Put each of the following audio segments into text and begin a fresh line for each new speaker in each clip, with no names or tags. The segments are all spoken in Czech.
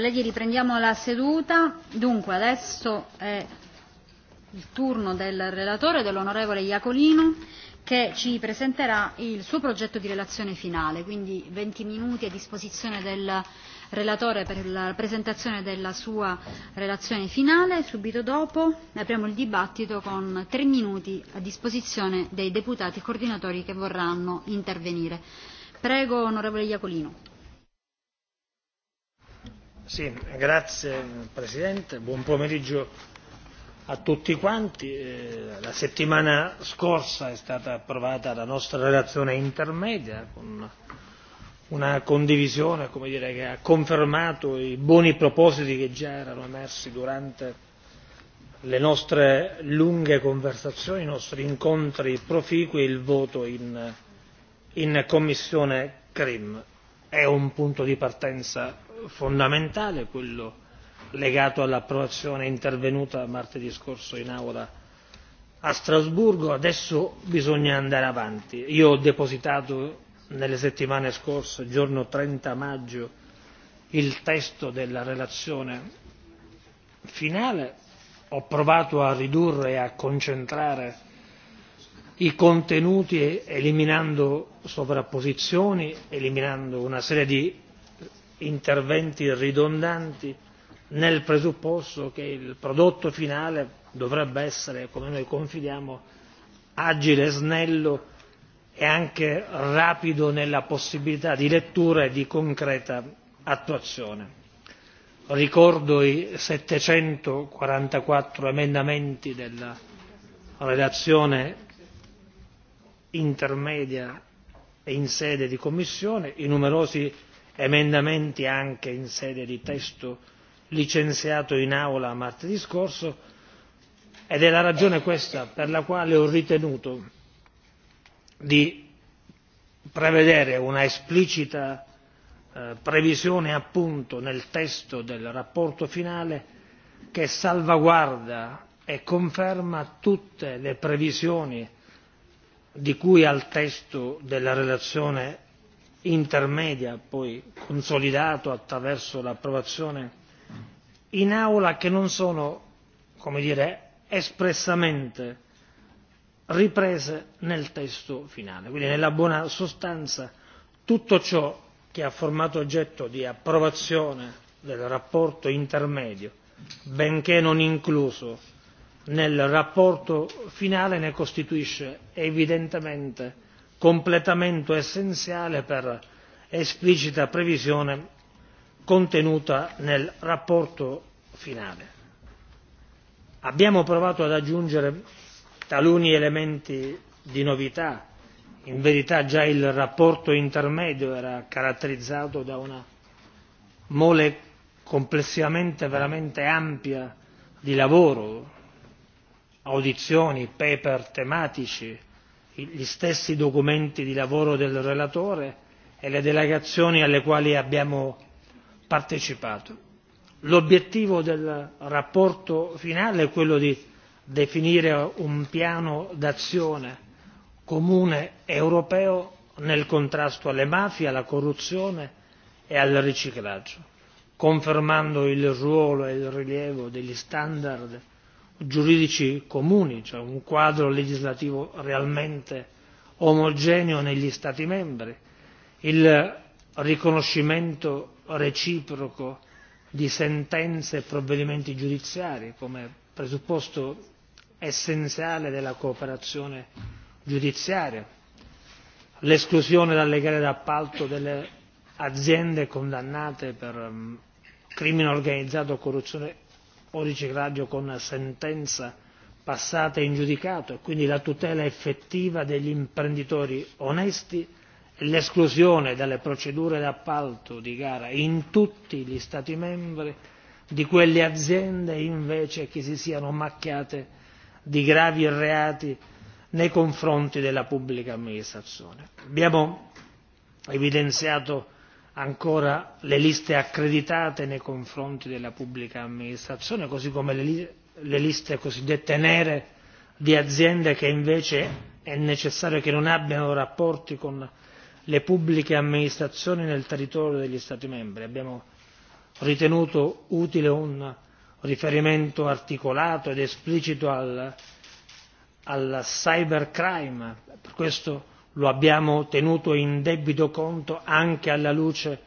Colleghi, riprendiamo la seduta. Dunque, adesso è il turno del relatore, dell'onorevole Iacolino, che ci presenterà il suo progetto di relazione finale, quindi 20 minuti a disposizione del relatore per la presentazione della sua relazione finale. Subito dopo apriamo il dibattito con tre minuti a disposizione dei deputati coordinatori che vorranno intervenire. Prego, onorevole Iacolino.
Sì, grazie Presidente, buon pomeriggio a tutti quanti. Eh, la settimana scorsa è stata approvata la nostra relazione intermedia con una condivisione come dire, che ha confermato i buoni propositi che già erano emersi durante le nostre lunghe conversazioni, i nostri incontri proficui e il voto in, in Commissione CRIM. È un punto di partenza fondamentale quello legato all'approvazione intervenuta martedì scorso in aula a strasburgo adesso bisogna andare avanti. io ho depositato nelle settimane scorse giorno trenta maggio il testo della relazione finale ho provato a ridurre e a concentrare i contenuti e eliminando sovrapposizioni eliminando una serie di interventi ridondanti nel presupposto che il prodotto finale dovrebbe essere, come noi confidiamo, agile, snello e anche rapido nella possibilità di lettura e di concreta attuazione. Ricordo i 744 emendamenti della relazione intermedia e in sede di Commissione, i numerosi emendamenti anche in sede di testo licenziato in aula martedì scorso ed è la ragione questa per la quale ho ritenuto di prevedere una esplicita eh, previsione appunto nel testo del rapporto finale che salvaguarda e conferma tutte le previsioni di cui al testo della relazione intermedia poi consolidato attraverso l'approvazione in aula che non sono come dire espressamente riprese nel testo finale quindi nella buona sostanza tutto ciò che ha formato oggetto di approvazione del rapporto intermedio benché non incluso nel rapporto finale ne costituisce evidentemente completamento essenziale per esplicita previsione contenuta nel rapporto finale. Abbiamo provato ad aggiungere taluni elementi di novità, in verità già il rapporto intermedio era caratterizzato da una mole complessivamente veramente ampia di lavoro, audizioni, paper tematici, gli stessi documenti di lavoro del relatore e le delegazioni alle quali abbiamo partecipato. L'obiettivo del rapporto finale è quello di definire un piano d'azione comune europeo nel contrasto alle mafie, alla corruzione e al riciclaggio, confermando il ruolo e il rilievo degli standard giuridici comuni, cioè un quadro legislativo realmente omogeneo negli Stati membri, il riconoscimento reciproco di sentenze e provvedimenti giudiziari come presupposto essenziale della cooperazione giudiziaria, l'esclusione dalle gare d'appalto delle aziende condannate per mm, crimine organizzato, o corruzione o riciclaggio con sentenza passata e in giudicato e quindi la tutela effettiva degli imprenditori onesti e l'esclusione dalle procedure d'appalto di gara in tutti gli Stati membri di quelle aziende invece che si siano macchiate di gravi reati nei confronti della pubblica amministrazione. Abbiamo evidenziato ancora le liste accreditate nei confronti della pubblica amministrazione così come le, le liste cosiddette nere di aziende che invece è necessario che non abbiano rapporti con le pubbliche amministrazioni nel territorio degli Stati membri. Abbiamo ritenuto utile un riferimento articolato ed esplicito al, al cybercrime. Per questo lo abbiamo tenuto in debito conto anche alla luce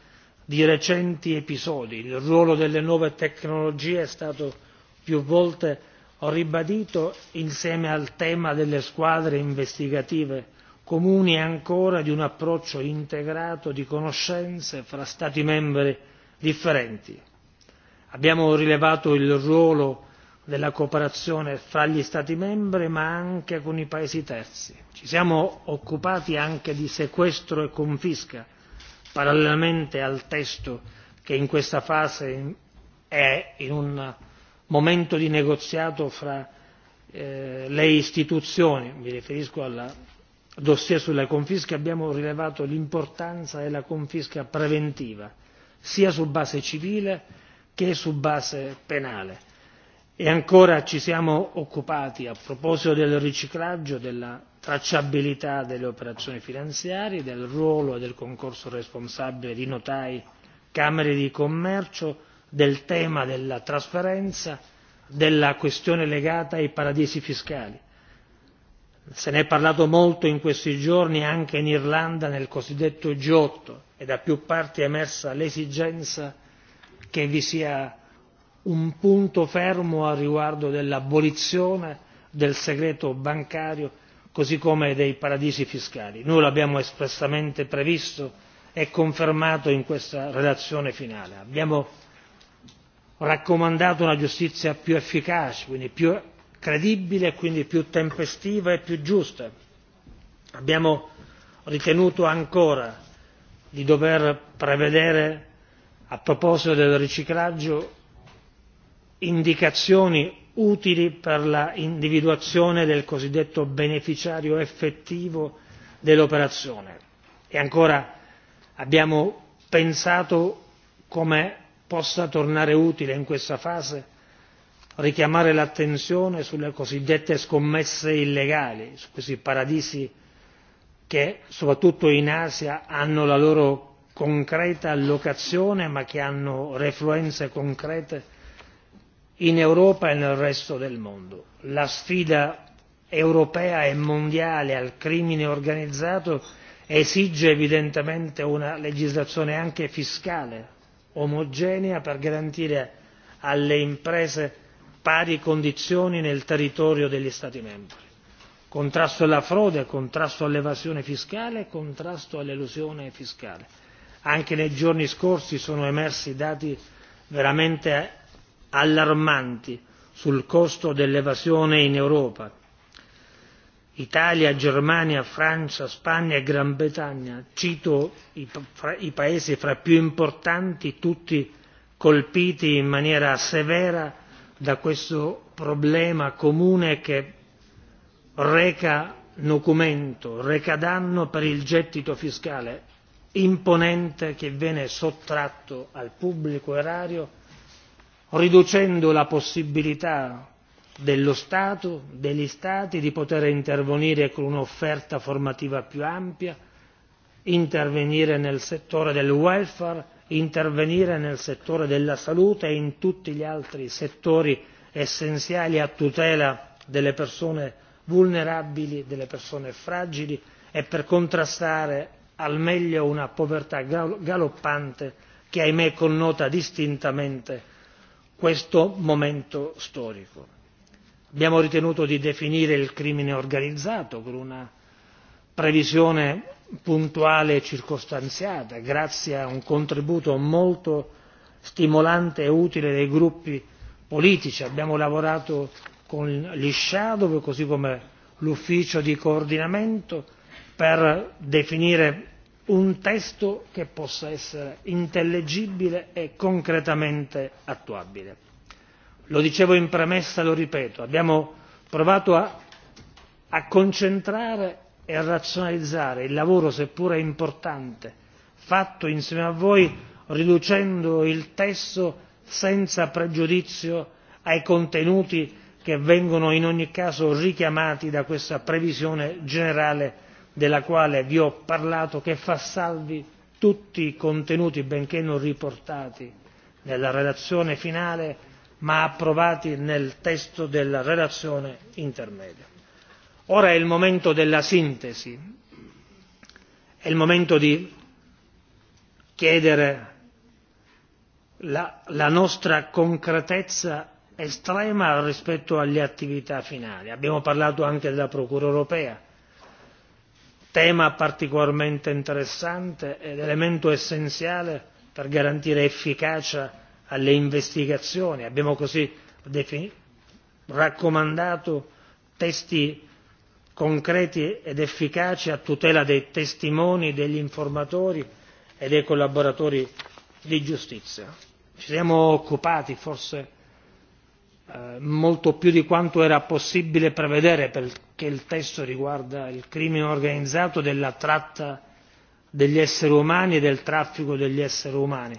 di recenti episodi. Il ruolo delle nuove tecnologie è stato più volte ribadito insieme al tema delle squadre investigative comuni e ancora di un approccio integrato di conoscenze fra Stati membri differenti. Abbiamo rilevato il ruolo della cooperazione fra gli Stati membri ma anche con i paesi terzi. Ci siamo occupati anche di sequestro e confisca, parallelamente al testo che in questa fase è in un momento di negoziato fra eh, le istituzioni, mi riferisco al dossier sulle confische, abbiamo rilevato l'importanza della confisca preventiva, sia su base civile che su base penale e ancora ci siamo occupati a proposito del riciclaggio della tracciabilità delle operazioni finanziarie del ruolo e del concorso responsabile di notai camere di commercio del tema della trasparenza della questione legata ai paradisi fiscali. se ne è parlato molto in questi giorni anche in irlanda nel cosiddetto g otto e da più parti è emersa l'esigenza che vi sia un punto fermo a riguardo dell'abolizione del segreto bancario così come dei paradisi fiscali. Noi lo abbiamo espressamente previsto e confermato in questa relazione finale. Abbiamo raccomandato una giustizia più efficace, quindi più credibile e quindi più tempestiva e più giusta. Abbiamo ritenuto ancora di dover prevedere a proposito del riciclaggio indicazioni utili per l'individuazione del cosiddetto beneficiario effettivo dell'operazione e ancora abbiamo pensato come possa tornare utile in questa fase richiamare l'attenzione sulle cosiddette scommesse illegali su questi paradisi che soprattutto in asia hanno la loro concreta allocazione ma che hanno refluenze concrete in Europa e nel resto del mondo. La sfida europea e mondiale al crimine organizzato esige evidentemente una legislazione anche fiscale omogenea per garantire alle imprese pari condizioni nel territorio degli Stati membri. Contrasto alla frode, contrasto all'evasione fiscale, contrasto all'elusione fiscale. Anche nei giorni scorsi sono emersi dati veramente allarmanti sul costo dell'evasione in Europa. Italia, Germania, Francia, Spagna e Gran Bretagna, cito i, fra, i paesi fra più importanti, tutti colpiti in maniera severa da questo problema comune che reca nocumento, reca danno per il gettito fiscale imponente che viene sottratto al pubblico erario riducendo la possibilità dello Stato, degli Stati di poter intervenire con un'offerta formativa più ampia, intervenire nel settore del welfare, intervenire nel settore della salute e in tutti gli altri settori essenziali a tutela delle persone vulnerabili, delle persone fragili e per contrastare al meglio una povertà galoppante che ahimè connota distintamente questo momento storico. Abbiamo ritenuto di definire il crimine organizzato con una previsione puntuale e circostanziata, grazie a un contributo molto stimolante e utile dei gruppi politici. Abbiamo lavorato con gli shadow, così come l'ufficio di coordinamento, per definire un testo che possa essere intellegibile e concretamente attuabile. lo dicevo in premessa lo ripeto abbiamo provato a, a concentrare e a razionalizzare il lavoro seppure importante fatto insieme a voi riducendo il testo senza pregiudizio ai contenuti che vengono in ogni caso richiamati da questa previsione generale della quale vi ho parlato che fa salvi tutti i contenuti benché non riportati nella relazione finale ma approvati nel testo della relazione intermedia. Ora è il momento della sintesi, è il momento di chiedere la, la nostra concretezza estrema rispetto alle attività finali. Abbiamo parlato anche della Procura europea, tema particolarmente interessante ed elemento essenziale per garantire efficacia alle investigazioni. Abbiamo così raccomandato testi concreti ed efficaci a tutela dei testimoni, degli informatori e dei collaboratori di giustizia. Ci siamo occupati, forse Eh, molto più di quanto era possibile prevedere perché il testo riguarda il crimine organizzato della tratta degli esseri umani e del traffico degli esseri umani.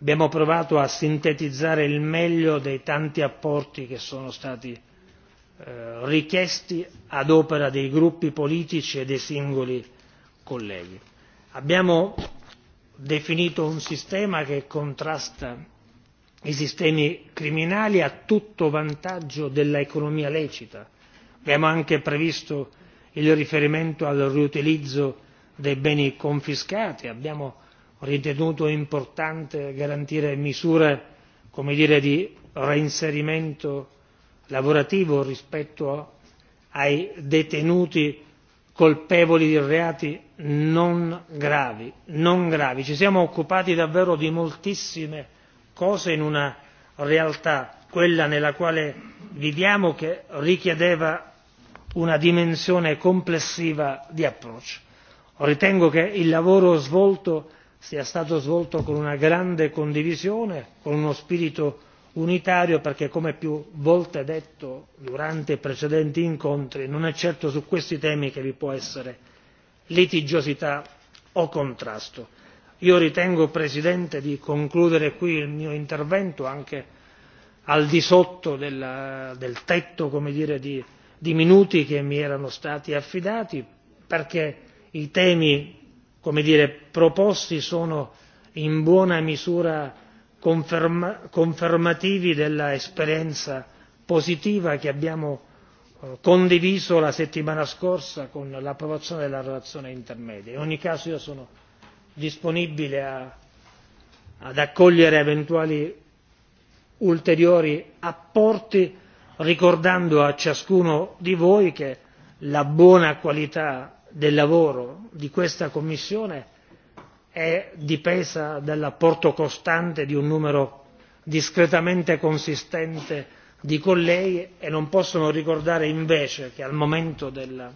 Abbiamo provato a sintetizzare il meglio dei tanti apporti che sono stati eh, richiesti ad opera dei gruppi politici e dei singoli colleghi. Abbiamo definito un sistema che contrasta i sistemi criminali a tutto vantaggio dell'economia lecita. Abbiamo anche previsto il riferimento al riutilizzo dei beni confiscati, abbiamo ritenuto importante garantire misure come dire, di reinserimento lavorativo rispetto ai detenuti colpevoli di reati non gravi, non gravi. Ci siamo occupati davvero di moltissime cose in una realtà quella nella quale viviamo che richiedeva una dimensione complessiva di approccio. ritengo che il lavoro svolto sia stato svolto con una grande condivisione con uno spirito unitario perché come più volte detto durante i precedenti incontri non è certo su questi temi che vi può essere litigiosità o contrasto io ritengo presidente di concludere qui il mio intervento anche al di sotto del, tetto come dire di, minuti che mi erano stati affidati perché i temi come dire proposti sono in buona misura confermativi dell'esperienza positiva che abbiamo eh, condiviso la settimana scorsa con l'approvazione della relazione intermedia. in ogni caso io sono disponibile a, ad accogliere eventuali ulteriori apporti ricordando a ciascuno di voi che la buona qualità del lavoro di questa commissione è dipesa dall'apporto costante di un numero discretamente consistente di colleghi e non posso non ricordare invece che al momento della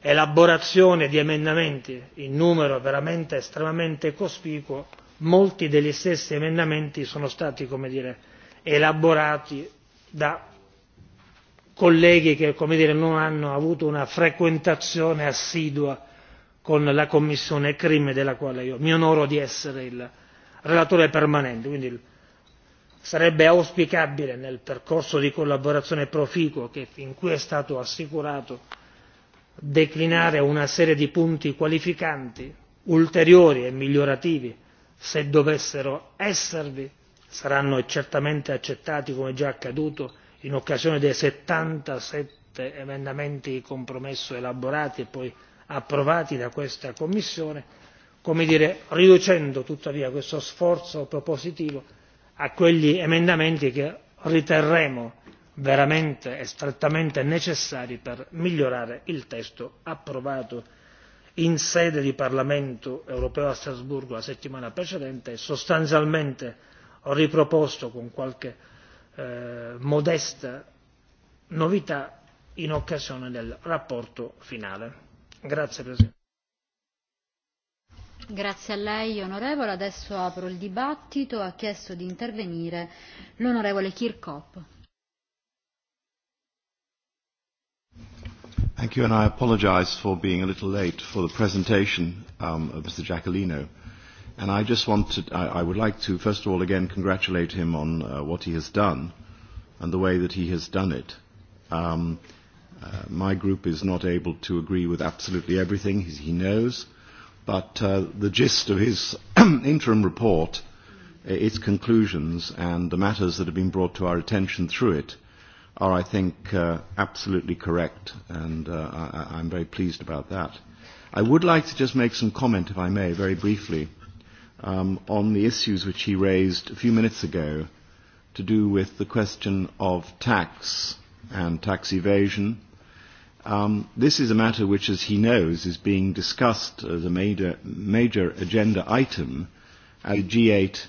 elaborazione di emendamenti in numero veramente estremamente cospicuo molti degli stessi emendamenti sono stati come dire elaborati da colleghi che come dire non hanno avuto una frequentazione assidua con la commissione crim della quale io mi onoro di essere il relatore permanente quindi sarebbe auspicabile nel percorso di collaborazione proficuo che fin qui è stato assicurato declinare una serie di punti qualificanti ulteriori e migliorativi se dovessero esservi saranno certamente accettati come già accaduto in occasione dei settantasette emendamenti di compromesso elaborati e poi approvati da questa commissione come dire riducendo tuttavia questo sforzo propositivo a quegli emendamenti che riterremo veramente e strettamente necessari per migliorare il testo approvato in sede di parlamento europeo a strasburgo la settimana precedente e sostanzialmente ho riproposto con qualche eh, modesta novità in occasione della relazione finale. Grazie Presidente.
Grazie a lei onorevole. Adesso apro il dibattito. Ha chiesto di intervenire l'onorevole Kirchhoff.
Thank you, and I apologize for being a little late for the presentation um, of Mr. Giacolino. And I just wanted, I, I would like to, first of all, again, congratulate him on uh, what he has done and the way that he has done it. Um, uh, my group is not able to agree with absolutely everything he knows, but uh, the gist of his interim report, its conclusions, and the matters that have been brought to our attention through it are, I think, uh, absolutely correct, and uh, I, I'm very pleased about that. I would like to just make some comment, if I may, very briefly, um, on the issues which he raised a few minutes ago to do with the question of tax and tax evasion. Um, this is a matter which, as he knows, is being discussed as a major, major agenda item at the G8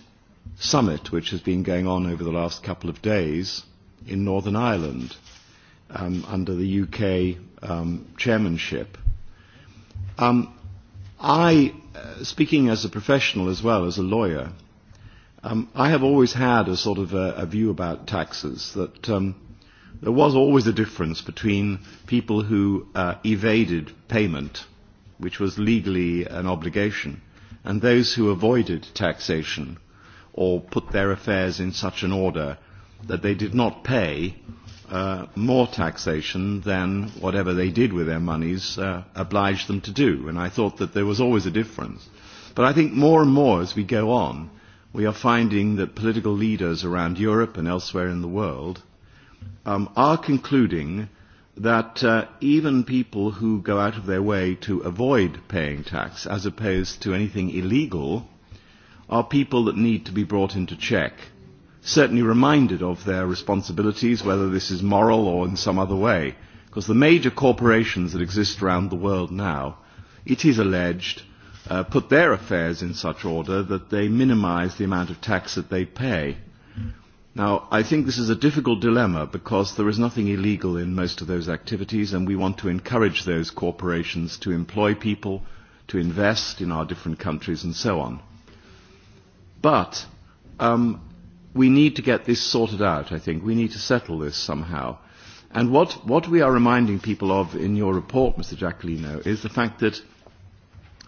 summit, which has been going on over the last couple of days in Northern Ireland um, under the UK um, chairmanship. Um, I, uh, speaking as a professional as well as a lawyer, um, I have always had a sort of a, a view about taxes that um, there was always a difference between people who uh, evaded payment, which was legally an obligation, and those who avoided taxation or put their affairs in such an order that they did not pay uh, more taxation than whatever they did with their monies uh, obliged them to do. And I thought that there was always a difference. But I think more and more as we go on, we are finding that political leaders around Europe and elsewhere in the world um, are concluding that uh, even people who go out of their way to avoid paying tax as opposed to anything illegal are people that need to be brought into check certainly reminded of their responsibilities, whether this is moral or in some other way. Because the major corporations that exist around the world now, it is alleged, uh, put their affairs in such order that they minimize the amount of tax that they pay. Now, I think this is a difficult dilemma because there is nothing illegal in most of those activities, and we want to encourage those corporations to employ people, to invest in our different countries, and so on. But um, we need to get this sorted out, I think. We need to settle this somehow. And what, what we are reminding people of in your report, Mr. Giacolino, is the fact that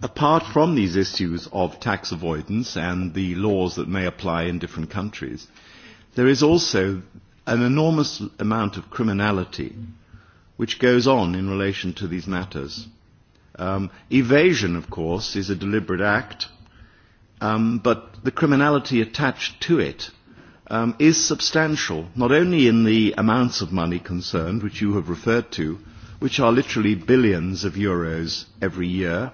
apart from these issues of tax avoidance and the laws that may apply in different countries, there is also an enormous amount of criminality which goes on in relation to these matters. Um, evasion, of course, is a deliberate act, um, but the criminality attached to it um, is substantial, not only in the amounts of money concerned, which you have referred to, which are literally billions of euros every year,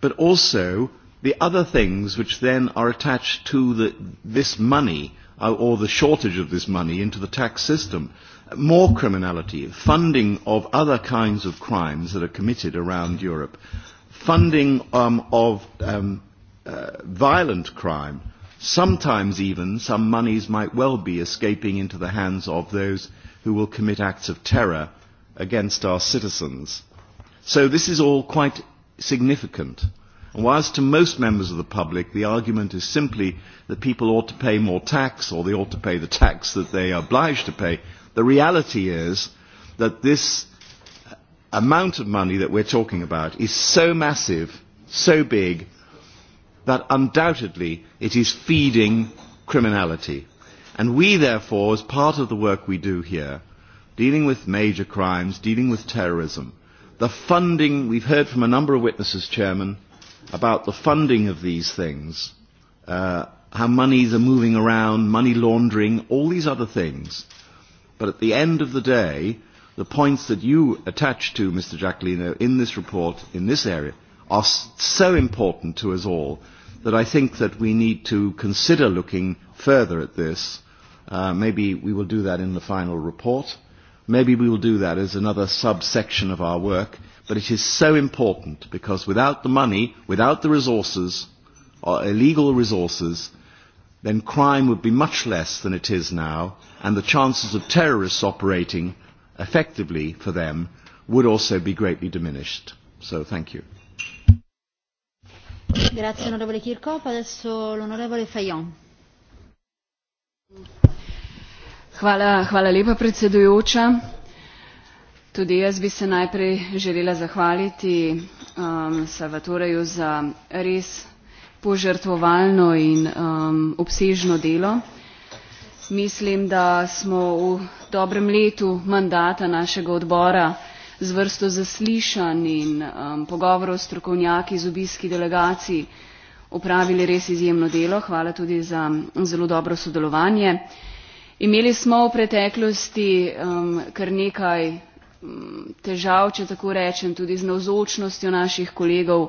but also the other things which then are attached to the, this money uh, or the shortage of this money into the tax system. More criminality, funding of other kinds of crimes that are committed around Europe, funding um, of um, uh, violent crime, Sometimes even some monies might well be escaping into the hands of those who will commit acts of terror against our citizens. So this is all quite significant. And whilst to most members of the public the argument is simply that people ought to pay more tax or they ought to pay the tax that they are obliged to pay, the reality is that this amount of money that we're talking about is so massive, so big, that undoubtedly it is feeding criminality. And we, therefore, as part of the work we do here, dealing with major crimes, dealing with terrorism, the funding, we've heard from a number of witnesses, Chairman, about the funding of these things, uh, how monies are moving around, money laundering, all these other things. But at the end of the day, the points that you attach to, Mr. Jacolino, in this report, in this area, are so important to us all that I think that we need to consider looking further at this. Uh, maybe we will do that in the final report. Maybe we will do that as another subsection of our work. But it is so important because without the money, without the resources, or illegal resources, then crime would be much less than it is now, and the chances of terrorists operating effectively for them would also be greatly diminished. So thank you.
Grazie onorevole Kirkop, adesso l'onorevole Fajon.
Hvala, hvala lepa predsedujoča. Tudi jaz bi se najprej želela zahvaliti um, Salvatoreju za res požrtvovalno in um, obsežno delo. Mislim, da smo v dobrem letu mandata našega odbora z vrsto zaslišanj in um, pogovorov s strokovnjaki z obiski delegacij opravili res izjemno delo. Hvala tudi za zelo dobro sodelovanje. Imeli smo v preteklosti um, kar nekaj um, težav, če tako rečem, tudi z navzočnostjo naših kolegov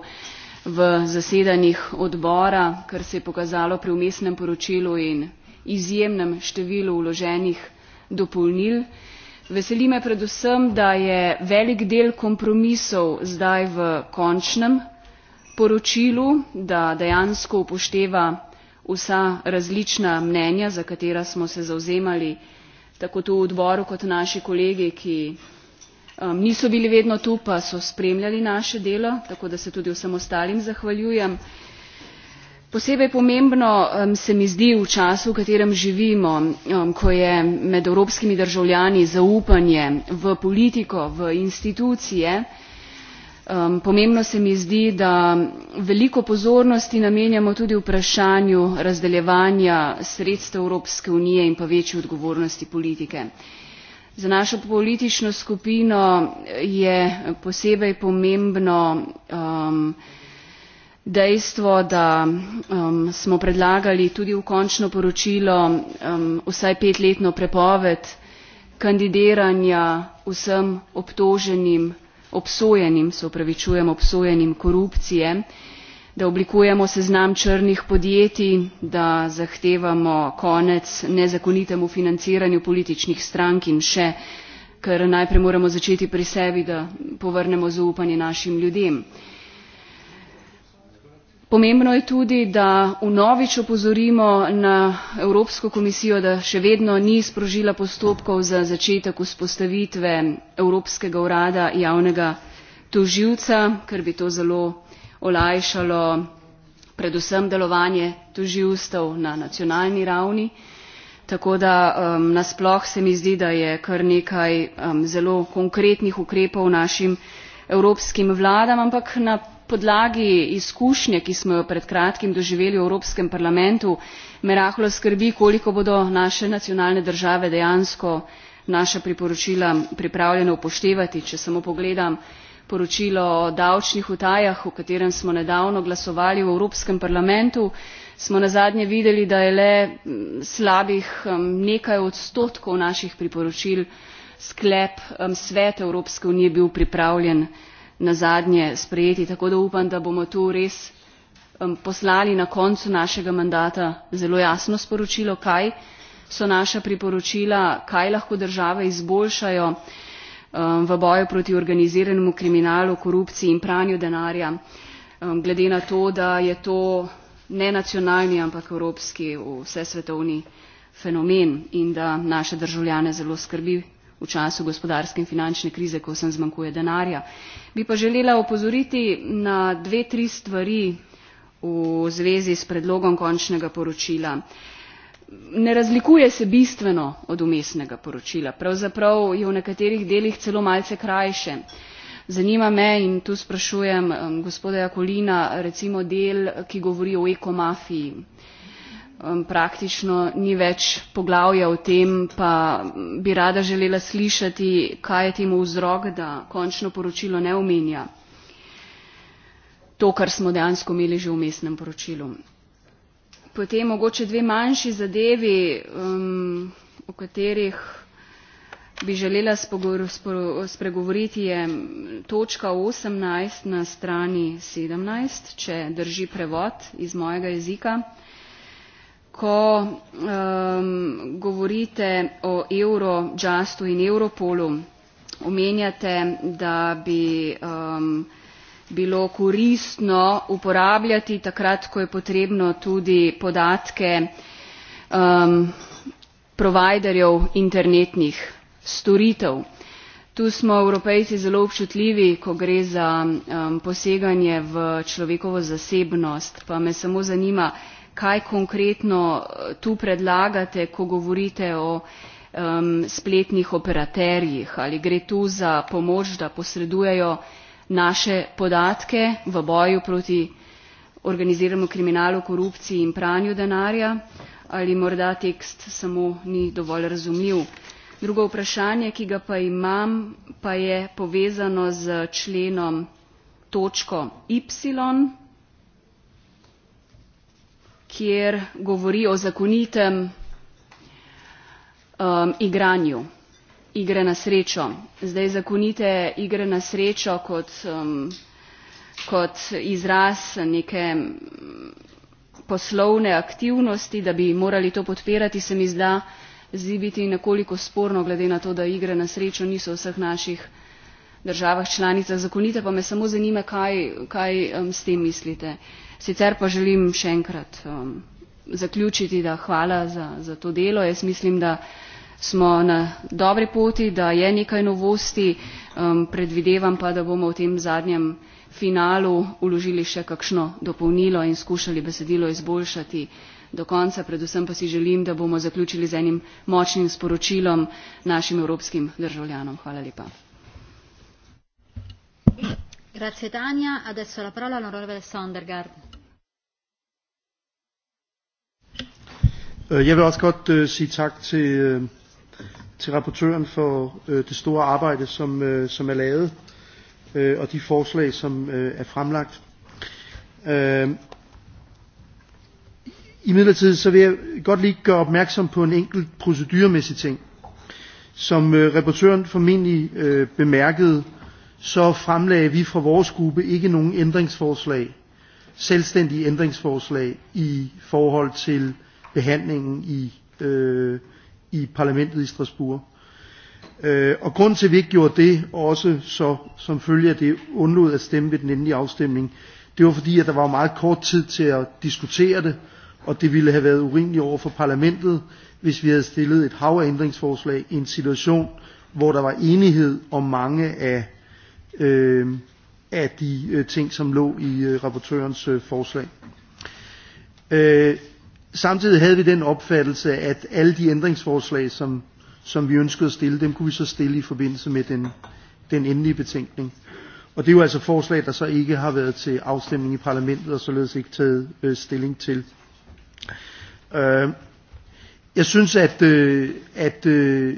v zasedanjih odbora, kar se je pokazalo pri umestnem poročilu in izjemnem številu vloženih dopolnil veseli me predvsem da je velik del kompromisov zdaj v končnem poročilu da dejansko upošteva vsa različna mnenja za katera smo se zauzemali tako tu v odboru kot naši kolegi ki um, niso bili vedno tu pa so spremljali naše delo tako da se tudi vsem ostalim zahvaljujem posebej pomembno se mi zdi v času v katerem živimo ko je med evropskimi državljani zaupanje v politiko v institucije pomembno se mi zdi da veliko pozornosti namenjamo tudi vprašanju razdeljevanja sredstev evropske unije in pa večji odgovornosti politike. za našo politično skupino je posebej pomembno um, dejstvo da um, smo predlagali tudi v končno poročilo um, vsaj petletno prepoved kandidiranja vsem obtoženim obsojenim se opravičujem obsojenim korupcije da oblikujemo seznam črnih podjetij da zahtevamo konec nezakonitemu financiranju političnih strank in še ker najprej moramo začeti pri sebi da povrnemo zaupanje našim ljudem pomembno je tudi da vnovič opozorimo na evropsko komisijo da še vedno ni sprožila postopkov za začetek vzpostavitve evropskega urada javnega tožilca ker bi to zelo olajšalo predvsem delovanje tožilstev na nacionalni ravni tako da um, nasploh se mi zdi da je kar nekaj um, zelo konkretnih ukrepov našim evropskim vladam ampak na podlagi izkušnje ki smo jo pred kratkim doživeli v evropskem parlamentu me rahlo skrbi koliko bodo naše nacionalne države dejansko naša priporočila pripravljene upoštevati če samo pogledam poročilo o davčnih utajah o katerem smo nedavno glasovali v evropskem parlamentu smo nazadnje videli da je le slabih nekaj odstotkov naših priporočil sklep svet evropske unije bil pripravljen nazadnje sprejeti. Tako da upam, da bomo tu res poslali na koncu našega mandata zelo jasno sporočilo, kaj so naša priporočila, kaj lahko države izboljšajo v boju proti organiziranemu kriminalu, korupciji in pranju denarja, glede na to, da je to ne nacionalni, ampak evropski, vsesvetovni fenomen in da naše državljane zelo skrbi v času gospodarske in finančne krize, ko vsem zmanjkuje denarja. Bi pa želela opozoriti na dve, tri stvari v zvezi s predlogom končnega poročila. Ne razlikuje se bistveno od umestnega poročila, pravzaprav je v nekaterih delih celo malce krajše zanima me in tu sprašujem um, gospoda jakolina recimo del ki govori o ekomafiji praktično ni več poglavja o tem, pa bi rada želela slišati, kaj je temu vzrok, da končno poročilo ne omenja to, kar smo dejansko imeli že v mestnem poročilu. Potem mogoče dve manjši zadevi, um, o katerih bi želela spregovoriti, je točka 18 na strani 17, če drži prevod iz mojega jezika ko um, govorite o Eurojustu in Europolu, omenjate, da bi um, bilo koristno uporabljati takrat, ko je potrebno tudi podatke um, providerjev internetnih storitev. Tu smo evropejci zelo občutljivi, ko gre za um, poseganje v človekovo zasebnost, pa me samo zanima, kaj konkretno eh, tu predlagate, ko govorite o um, spletnih operaterjih, ali gre tu za pomoč, da posredujejo naše podatke v boju proti organiziranemu kriminalu, korupciji in pranju denarja, ali morda tekst samo ni dovolj razumljiv. Drugo vprašanje, ki ga pa imam, pa je povezano z členom točko Y, kjer govori o zakonitem um, igranju igre na srečo. Zdaj zakonite igre na srečo kot, um, kot izraz neke um, poslovne aktivnosti, da bi morali to podpirati, se mi zda zibiti nekoliko sporno, glede na to, da igre na srečo niso v vseh naših državah članicah zakonite, pa me samo zanima, kaj, kaj um, s tem mislite. Uh, Sicer pa želim še enkrat um, zaključiti, da hvala za, za to delo. Jaz mislim, da smo na dobri poti, da je nekaj novosti, um, predvidevam pa, da bomo v tem zadnjem finalu uložili še kakšno dopolnilo in skušali besedilo izboljšati do konca, predvsem pa si želim, da bomo zaključili z enim močnim sporočilom našim evropskim državljanom. Hvala lepa.
Grazie Tania, adesso la parola all'onorevole Sondergaard.
Øh, jeg vil også godt øh, sige tak til, øh, til rapportøren for øh, det store arbejde, som, øh, som er lavet, øh, og de forslag, som øh, er fremlagt. Øh, I midlertid så vil jeg godt lige gøre opmærksom på en enkelt proceduremæssig ting. Som øh, rapportøren formentlig øh, bemærkede, så fremlagde vi fra vores gruppe ikke nogen ændringsforslag, selvstændige ændringsforslag i forhold til behandlingen i, øh, i parlamentet i Strasbourg. Øh, og grunden til, at vi ikke gjorde det, også så, som følge af det undlod at stemme ved den endelige afstemning, det var fordi, at der var meget kort tid til at diskutere det, og det ville have været urimeligt over for parlamentet, hvis vi havde stillet et hav af ændringsforslag i en situation, hvor der var enighed om mange af, øh, af de øh, ting, som lå i øh, rapportørens øh, forslag. Øh, Samtidig havde vi den opfattelse, at alle de ændringsforslag, som, som vi ønskede at stille, dem kunne vi så stille i forbindelse med den, den endelige betænkning. Og det er jo altså forslag, der så ikke har været til afstemning i parlamentet, og således ikke taget øh, stilling til. Øh, jeg synes, at, øh, at øh,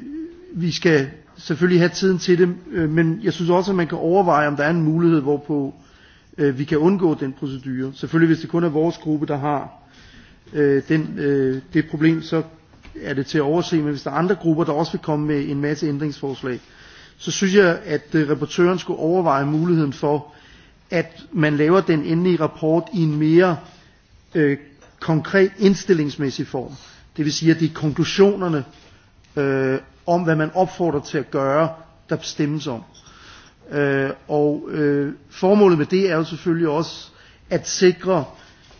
vi skal selvfølgelig have tiden til det, øh, men jeg synes også, at man kan overveje, om der er en mulighed, hvorpå øh, vi kan undgå den procedure. Selvfølgelig, hvis det kun er vores gruppe, der har øh, den, øh, det problem, så er det til at overse, men hvis der er andre grupper, der også vil komme med en masse ændringsforslag, så synes jeg, at øh, rapportøren skulle overveje muligheden for, at man laver den endelige rapport i en mere øh, konkret indstillingsmæssig form. Det vil sige, at det er konklusionerne øh, om, hvad man opfordrer til at gøre, der stemmes om. Øh, og øh, formålet med det er jo selvfølgelig også at sikre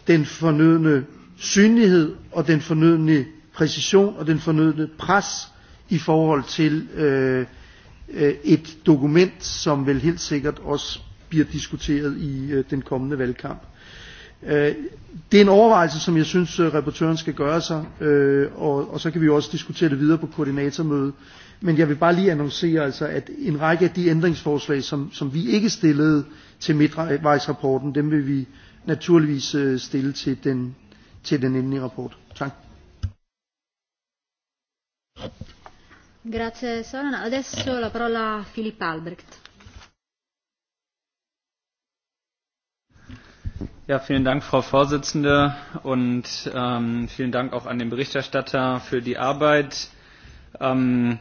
den fornødne synlighed og den fornødne præcision og den fornødne pres i forhold til øh, øh, et dokument, som vel helt sikkert også bliver diskuteret i øh, den kommende valgkamp. Øh, det er en overvejelse, som jeg synes, øh, rapportøren skal gøre sig, øh, og, og så kan vi også diskutere det videre på koordinatormødet. Men jeg vil bare lige annoncere, altså, at en række af de ændringsforslag, som, som vi ikke stillede til midtvejsrapporten, dem vil vi naturligvis øh, stille til den til den endelige rapport. Tak.
Grazie Sorana. Adesso la parola a Filip Albrecht.
Ja, vielen Dank, Frau Vorsitzende, und ähm, vielen Dank auch an den Berichterstatter für die Arbeit. Ähm,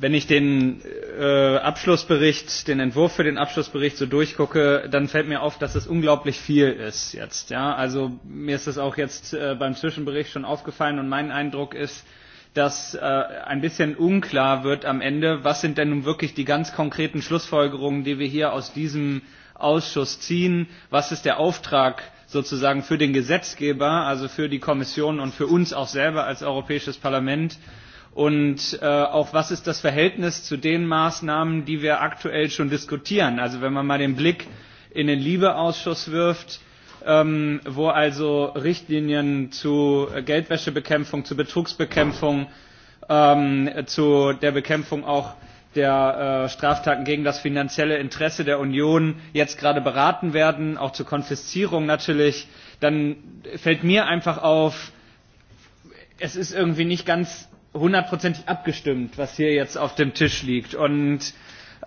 wenn ich den äh, Abschlussbericht, den Entwurf für den Abschlussbericht so durchgucke, dann fällt mir auf, dass es unglaublich viel ist jetzt. Ja? Also mir ist es auch jetzt äh, beim Zwischenbericht schon aufgefallen und mein Eindruck ist, dass äh, ein bisschen unklar wird am Ende, was sind denn nun wirklich die ganz konkreten Schlussfolgerungen, die wir hier aus diesem Ausschuss ziehen, was ist der Auftrag sozusagen für den Gesetzgeber, also für die Kommission und für uns auch selber als Europäisches Parlament, äh, und äh, auch was ist das Verhältnis zu den Maßnahmen, die wir aktuell schon diskutieren. Also wenn man mal den Blick in den Liebeausschuss wirft, ähm, wo also Richtlinien zu Geldwäschebekämpfung, zu Betrugsbekämpfung, ähm, zu der Bekämpfung auch der äh, Straftaten gegen das finanzielle Interesse der Union jetzt gerade beraten werden, auch zur Konfiszierung natürlich, dann fällt mir einfach auf, es ist irgendwie nicht ganz hundertprozentig abgestimmt, was hier jetzt auf dem Tisch liegt. Und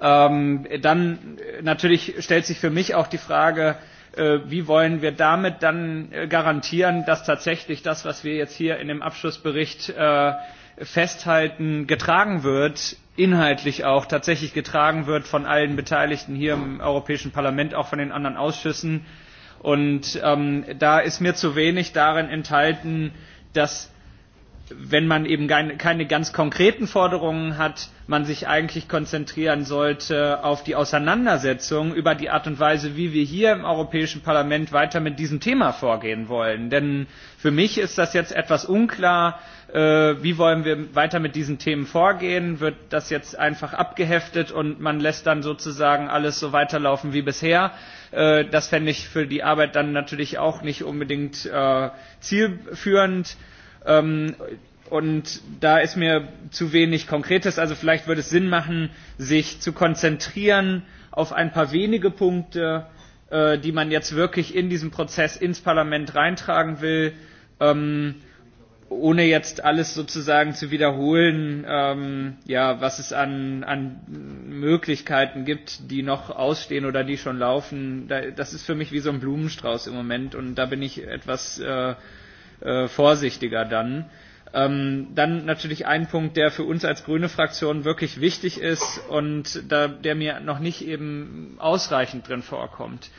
ähm, dann natürlich stellt sich für mich auch die Frage, äh, wie wollen wir damit dann äh, garantieren, dass tatsächlich das, was wir jetzt hier in dem Abschlussbericht äh, festhalten, getragen wird, inhaltlich auch tatsächlich getragen wird von allen Beteiligten hier im Europäischen Parlament, auch von den anderen Ausschüssen. Und ähm, da ist mir zu wenig darin enthalten, dass wenn man eben keine ganz konkreten Forderungen hat, man sich eigentlich konzentrieren sollte auf die Auseinandersetzung über die Art und Weise, wie wir hier im Europäischen Parlament weiter mit diesem Thema vorgehen wollen. Denn für mich ist das jetzt etwas unklar, äh, wie wollen wir weiter mit diesen Themen vorgehen? Wird das jetzt einfach abgeheftet und man lässt dann sozusagen alles so weiterlaufen wie bisher? Äh, das fände ich für die Arbeit dann natürlich auch nicht unbedingt äh, zielführend Ähm, und da ist mir zu wenig Konkretes. Also vielleicht würde es Sinn machen, sich zu konzentrieren auf ein paar wenige Punkte, äh, die man jetzt wirklich in diesen Prozess ins Parlament reintragen will, ähm, ohne jetzt alles sozusagen zu wiederholen, ähm, ja, was es an, an Möglichkeiten gibt, die noch ausstehen oder die schon laufen. Da, das ist für mich wie so ein Blumenstrauß im Moment und da bin ich etwas äh, äh, vorsichtiger dann. Ähm, dann natürlich ein Punkt, der für uns als grüne Fraktion wirklich wichtig ist und da, der mir noch nicht eben ausreichend drin vorkommt.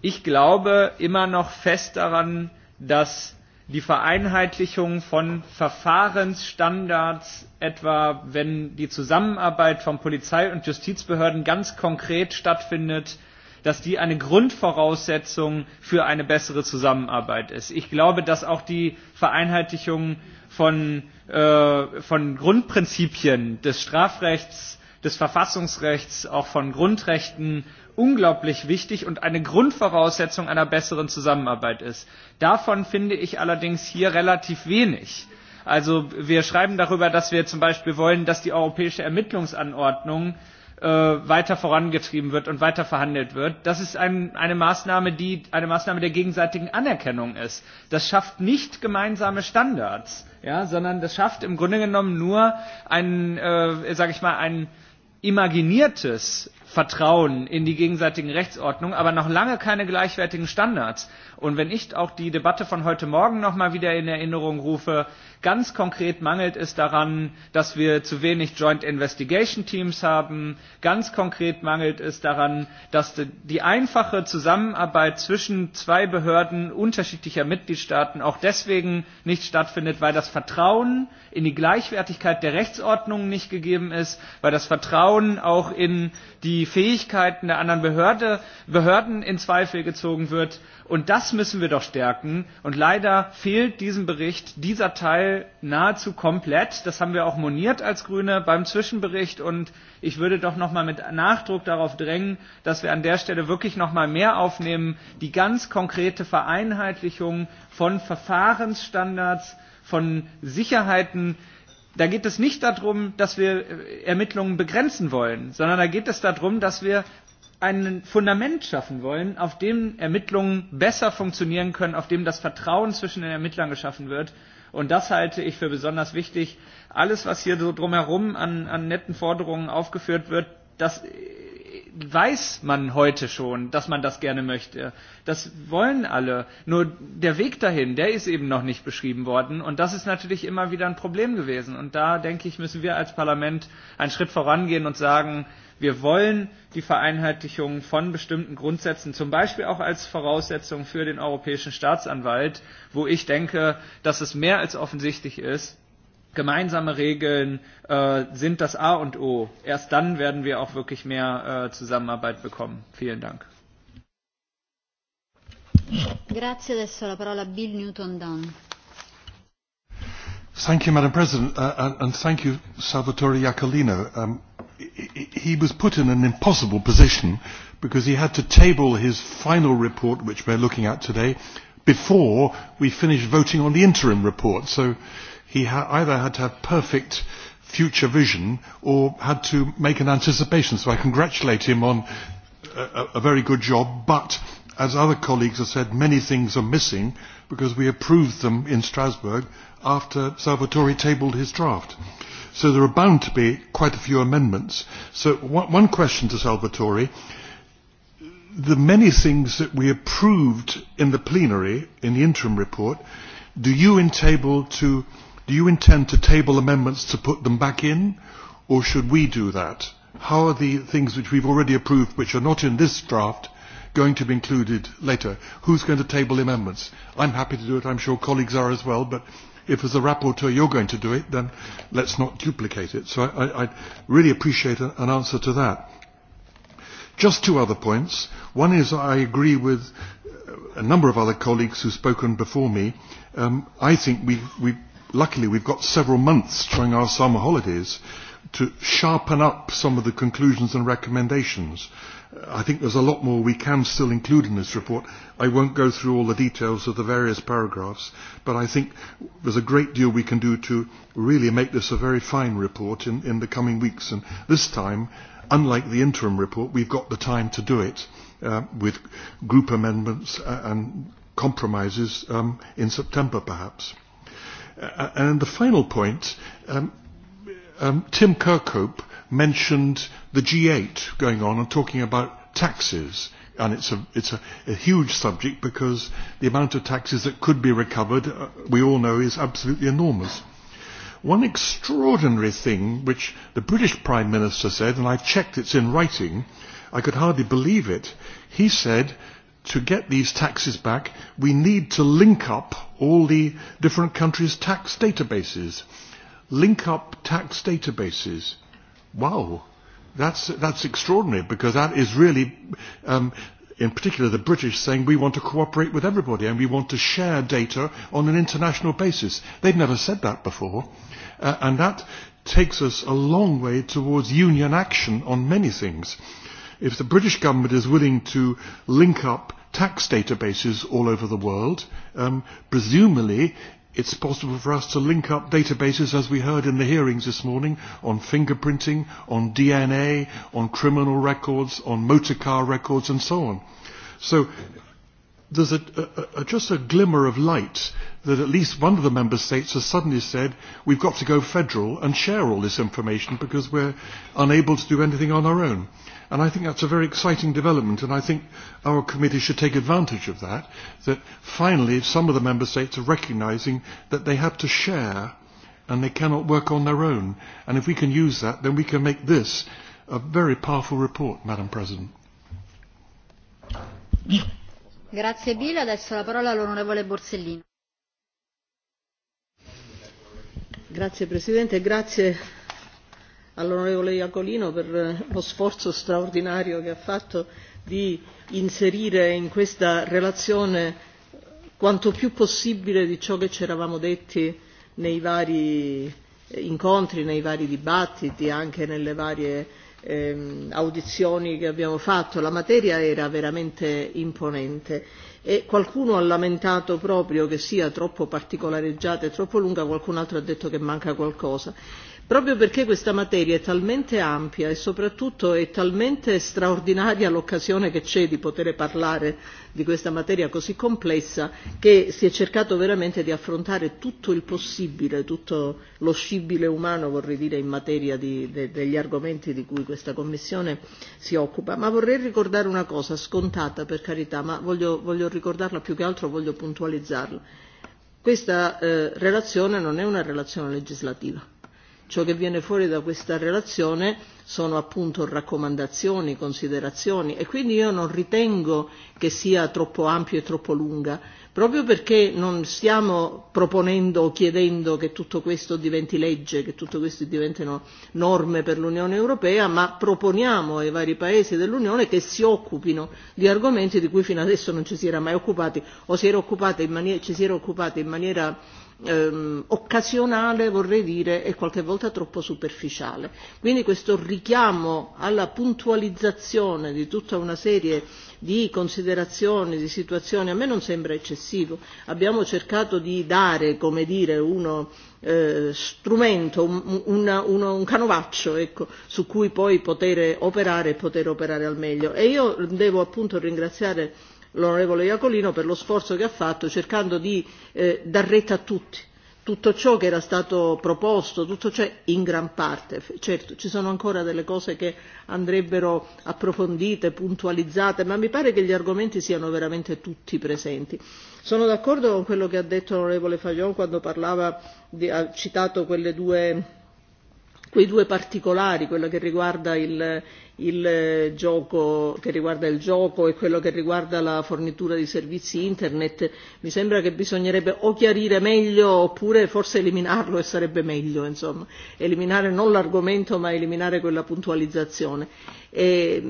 Ich glaube immer noch fest daran, dass die Vereinheitlichung von Verfahrensstandards, etwa wenn die Zusammenarbeit von Polizei und Justizbehörden ganz konkret stattfindet, dass die eine Grundvoraussetzung für eine bessere Zusammenarbeit ist. Ich glaube, dass auch die Vereinheitlichung von, äh, von Grundprinzipien des Strafrechts, des Verfassungsrechts, auch von Grundrechten unglaublich wichtig und eine Grundvoraussetzung einer besseren Zusammenarbeit ist. Davon finde ich allerdings hier relativ wenig. Also wir schreiben darüber, dass wir zum Beispiel wollen, dass die europäische Ermittlungsanordnung äh, Äh, weiter vorangetrieben wird und weiter verhandelt wird. Das ist ein, eine Maßnahme, die eine Maßnahme der gegenseitigen Anerkennung ist. Das schafft nicht gemeinsame Standards, ja, sondern das schafft im Grunde genommen nur ein, äh, ich mal, ein imaginiertes Vertrauen in die gegenseitigen Rechtsordnungen, aber noch lange keine gleichwertigen Standards. Und wenn ich auch die Debatte von heute Morgen noch mal wieder in Erinnerung rufe, ganz konkret mangelt es daran, dass wir zu wenig Joint Investigation Teams haben. Ganz konkret mangelt es daran, dass die einfache Zusammenarbeit zwischen zwei Behörden unterschiedlicher Mitgliedstaaten auch deswegen nicht stattfindet, weil das Vertrauen in die Gleichwertigkeit der Rechtsordnung nicht gegeben ist, weil das Vertrauen auch in die die Fähigkeiten der anderen Behörde, Behörden in Zweifel gezogen wird. Und das müssen wir doch stärken. Und leider fehlt diesem Bericht dieser Teil nahezu komplett. Das haben wir auch moniert als Grüne beim Zwischenbericht. Und ich würde doch nochmal mit Nachdruck darauf drängen, dass wir an der Stelle wirklich nochmal mehr aufnehmen, die ganz konkrete Vereinheitlichung von Verfahrensstandards, von Sicherheiten, da geht es nicht darum, dass wir äh, Ermittlungen begrenzen wollen, sondern da geht es darum, dass wir ein Fundament schaffen wollen, auf dem Ermittlungen besser funktionieren können, auf dem das Vertrauen zwischen den Ermittlern geschaffen wird. Und das halte ich für besonders wichtig. Alles, was hier so drumherum an, an netten Forderungen aufgeführt wird, das weiß man heute schon, dass man das gerne möchte. Das wollen alle. Nur der Weg dahin, der ist eben noch nicht beschrieben worden. Und das ist natürlich immer wieder ein Problem gewesen. Und da, denke ich, müssen wir als Parlament einen Schritt vorangehen und sagen, wir wollen die Vereinheitlichung von bestimmten Grundsätzen, zum Beispiel auch als Voraussetzung für den europäischen Staatsanwalt, wo ich denke, dass es mehr als offensichtlich ist, gemeinsame Regeln äh, sind das A und O. Erst dann werden wir auch wirklich mehr äh, Zusammenarbeit bekommen. Vielen Dank.
Grazie adesso la parola Bill Newton Dunn.
Thank you, Madam President, uh, and, thank you, Salvatore Iacolino. Um, he was put in an impossible position because he had to table his final report, which we're looking at today, before we finish voting on the interim report. So he ha- either had to have perfect future vision or had to make an anticipation. So I congratulate him on a, a very good job, but as other colleagues have said, many things are missing because we approved them in Strasbourg after Salvatore tabled his draft. So there are bound to be quite a few amendments. So one, one question to Salvatore. The many things that we approved in the plenary, in the interim report, do you intable to do you intend to table amendments to put them back in, or should we do that? How are the things which we've already approved, which are not in this draft, going to be included later? Who's going to table amendments? I'm happy to do it. I'm sure colleagues are as well, but if as a rapporteur you're going to do it, then let's not duplicate it. So I, I, I really appreciate a, an answer to that. Just two other points. One is I agree with a number of other colleagues who've spoken before me. Um, I think we, we luckily we've got several months during our summer holidays to sharpen up some of the conclusions and recommendations. I think there's a lot more we can still include in this report. I won't go through all the details of the various paragraphs, but I think there's a great deal we can do to really make this a very fine report in, in the coming weeks. And this time, unlike the interim report, we've got the time to do it uh, with group amendments uh, and compromises um, in September perhaps. Uh, uh, and the final point, um, um, Tim Kirkhope mentioned the G8 going on and talking about taxes. And it's, a, it's a, a huge subject because the amount of taxes that could be recovered, uh, we all know, is absolutely enormous. One extraordinary thing which the British Prime Minister said, and I checked it's in writing, I could hardly believe it, he said to get these taxes back, we need to link up all the different countries' tax databases. Link up tax databases. Wow, that's, that's extraordinary because that is really, um, in particular the British, saying we want to cooperate with everybody and we want to share data on an international basis. They've never said that before. Uh, and that takes us a long way towards union action on many things. If the British government is willing to link up tax databases all over the world. Um, presumably, it's possible for us to link up databases, as we heard in the hearings this morning, on fingerprinting, on DNA, on criminal records, on motor car records, and so on. So there's a, a, a, just a glimmer of light that at least one of the member states has suddenly said, we've got to go federal and share all this information because we're unable to do anything on our own. And I think that's a very exciting development, and I think our committee should take advantage of that, that finally some of the member states are recognising that they have to share and they cannot work on their own. And if we can use that, then we can make this a very powerful report, Madam President.
Grazie mille, adesso la parola all'onorevole Borsellino.
Grazie Presidente, grazie all'onorevole Iacolino per eh, lo sforzo straordinario che ha fatto di inserire in questa relazione eh, quanto più possibile di ciò che ci eravamo detti nei vari eh, incontri, nei vari dibattiti, anche nelle varie ehm, audizioni che abbiamo fatto. La materia era veramente imponente e qualcuno ha lamentato proprio che sia troppo particolareggiata e troppo lunga, qualcun altro ha detto che manca qualcosa proprio perché questa materia è talmente ampia e soprattutto è talmente straordinaria l'occasione che c'è di poter parlare di questa materia così complessa che si è cercato veramente di affrontare tutto il possibile, tutto lo scibile umano vorrei dire in materia di, de, degli argomenti di cui questa Commissione si occupa. Ma vorrei ricordare una cosa scontata per carità, ma voglio, voglio ricordarla più che altro, voglio puntualizzarla. Questa eh, relazione non è una relazione legislativa Ciò che viene fuori da questa relazione sono appunto raccomandazioni, considerazioni e quindi io non ritengo che sia troppo ampio e troppo lunga, proprio perché non stiamo proponendo o chiedendo che tutto questo diventi legge, che tutto questo diventino norme per l'Unione Europea, ma proponiamo ai vari paesi dell'Unione che si occupino di argomenti di cui fino adesso non ci si era mai occupati o si era occupata in maniera, ci si era occupati in maniera ehm, occasionale, vorrei dire, e qualche volta troppo superficiale. Quindi questo richiamo alla puntualizzazione di tutta una serie di considerazioni, di situazioni, a me non sembra eccessivo. Abbiamo cercato di dare, come dire, uno eh, strumento, un, un, un, un canovaccio ecco, su cui poi poter operare e poter operare al meglio. E io devo appunto ringraziare l'onorevole Iacolino per lo sforzo che ha fatto cercando di eh, dar retta a tutti. Tutto ciò che era stato proposto, tutto ciò in gran parte, certo ci sono ancora delle cose che andrebbero approfondite, puntualizzate, ma mi pare che gli argomenti siano veramente tutti presenti. Sono d'accordo con quello che ha detto l'onorevole Faglion quando parlava, di, ha citato quelle due quei due particolari, quello che riguarda il, il eh, gioco che riguarda il gioco e quello che riguarda la fornitura di servizi internet mi sembra che bisognerebbe o chiarire meglio oppure forse eliminarlo e sarebbe meglio insomma eliminare non l'argomento ma eliminare quella puntualizzazione. E,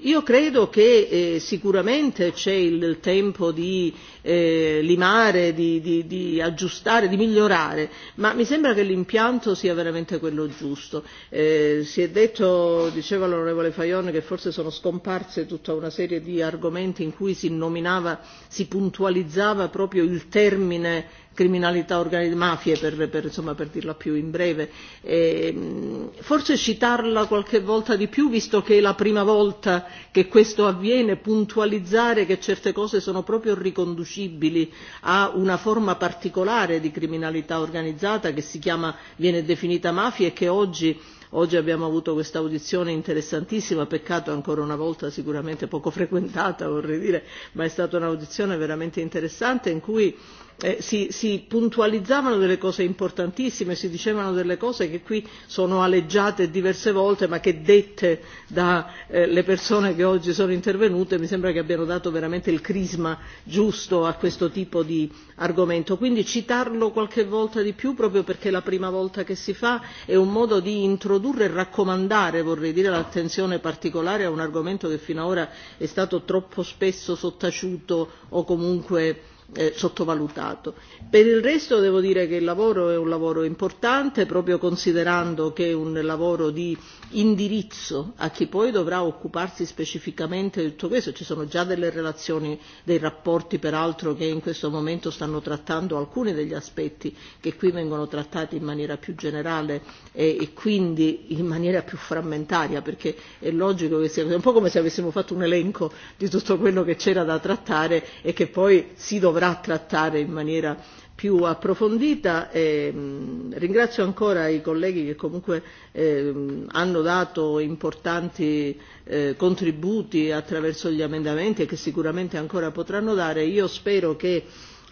io credo che eh, sicuramente c'è il tempo di eh, limare, di, di, di aggiustare, di migliorare, ma mi sembra che l'impianto sia veramente quello giusto. Eh, si è detto, diceva l'onorevole fajon che forse sono scomparse tutta una serie di argomenti in cui si nominava, si puntualizzava proprio il termine criminalità organizzata, mafie per, per, insomma, per dirla più in breve. E, forse citarla qualche volta di più, visto che è la prima volta che questo avviene, puntualizzare che certe cose sono proprio riconducibili a una forma particolare di criminalità organizzata che si chiama, viene definita mafia e che oggi Oggi abbiamo avuto questa audizione interessantissima, peccato ancora una volta sicuramente poco frequentata, vorrei dire, ma è stata un'audizione veramente interessante in cui Eh, si, puntualizzavano delle cose importantissime, si dicevano delle cose che qui sono aleggiate diverse volte ma che dette dalle eh, persone che oggi sono intervenute mi sembra che abbiano dato veramente il crisma giusto a questo tipo di argomento. Quindi citarlo qualche volta di più proprio perché è la prima volta che si fa è un modo di introdurre e raccomandare vorrei dire l'attenzione particolare a un argomento che finora è stato troppo spesso sottaciuto o comunque Eh, sottovalutato. Per il resto devo dire che il lavoro è un lavoro importante proprio considerando che è un lavoro di indirizzo a chi poi dovrà occuparsi specificamente di tutto questo. Ci sono già delle relazioni, dei rapporti peraltro che in questo momento stanno trattando alcuni degli aspetti che qui vengono trattati in maniera più generale e, e quindi in maniera più frammentaria perché è logico che sia un po' come se avessimo fatto un elenco di tutto quello che c'era da trattare e che poi si dovrà dovrà trattare in maniera più approfondita e ringrazio ancora i colleghi che comunque eh, hanno dato importanti eh, contributi attraverso gli emendamenti e che sicuramente ancora potranno dare. Io spero che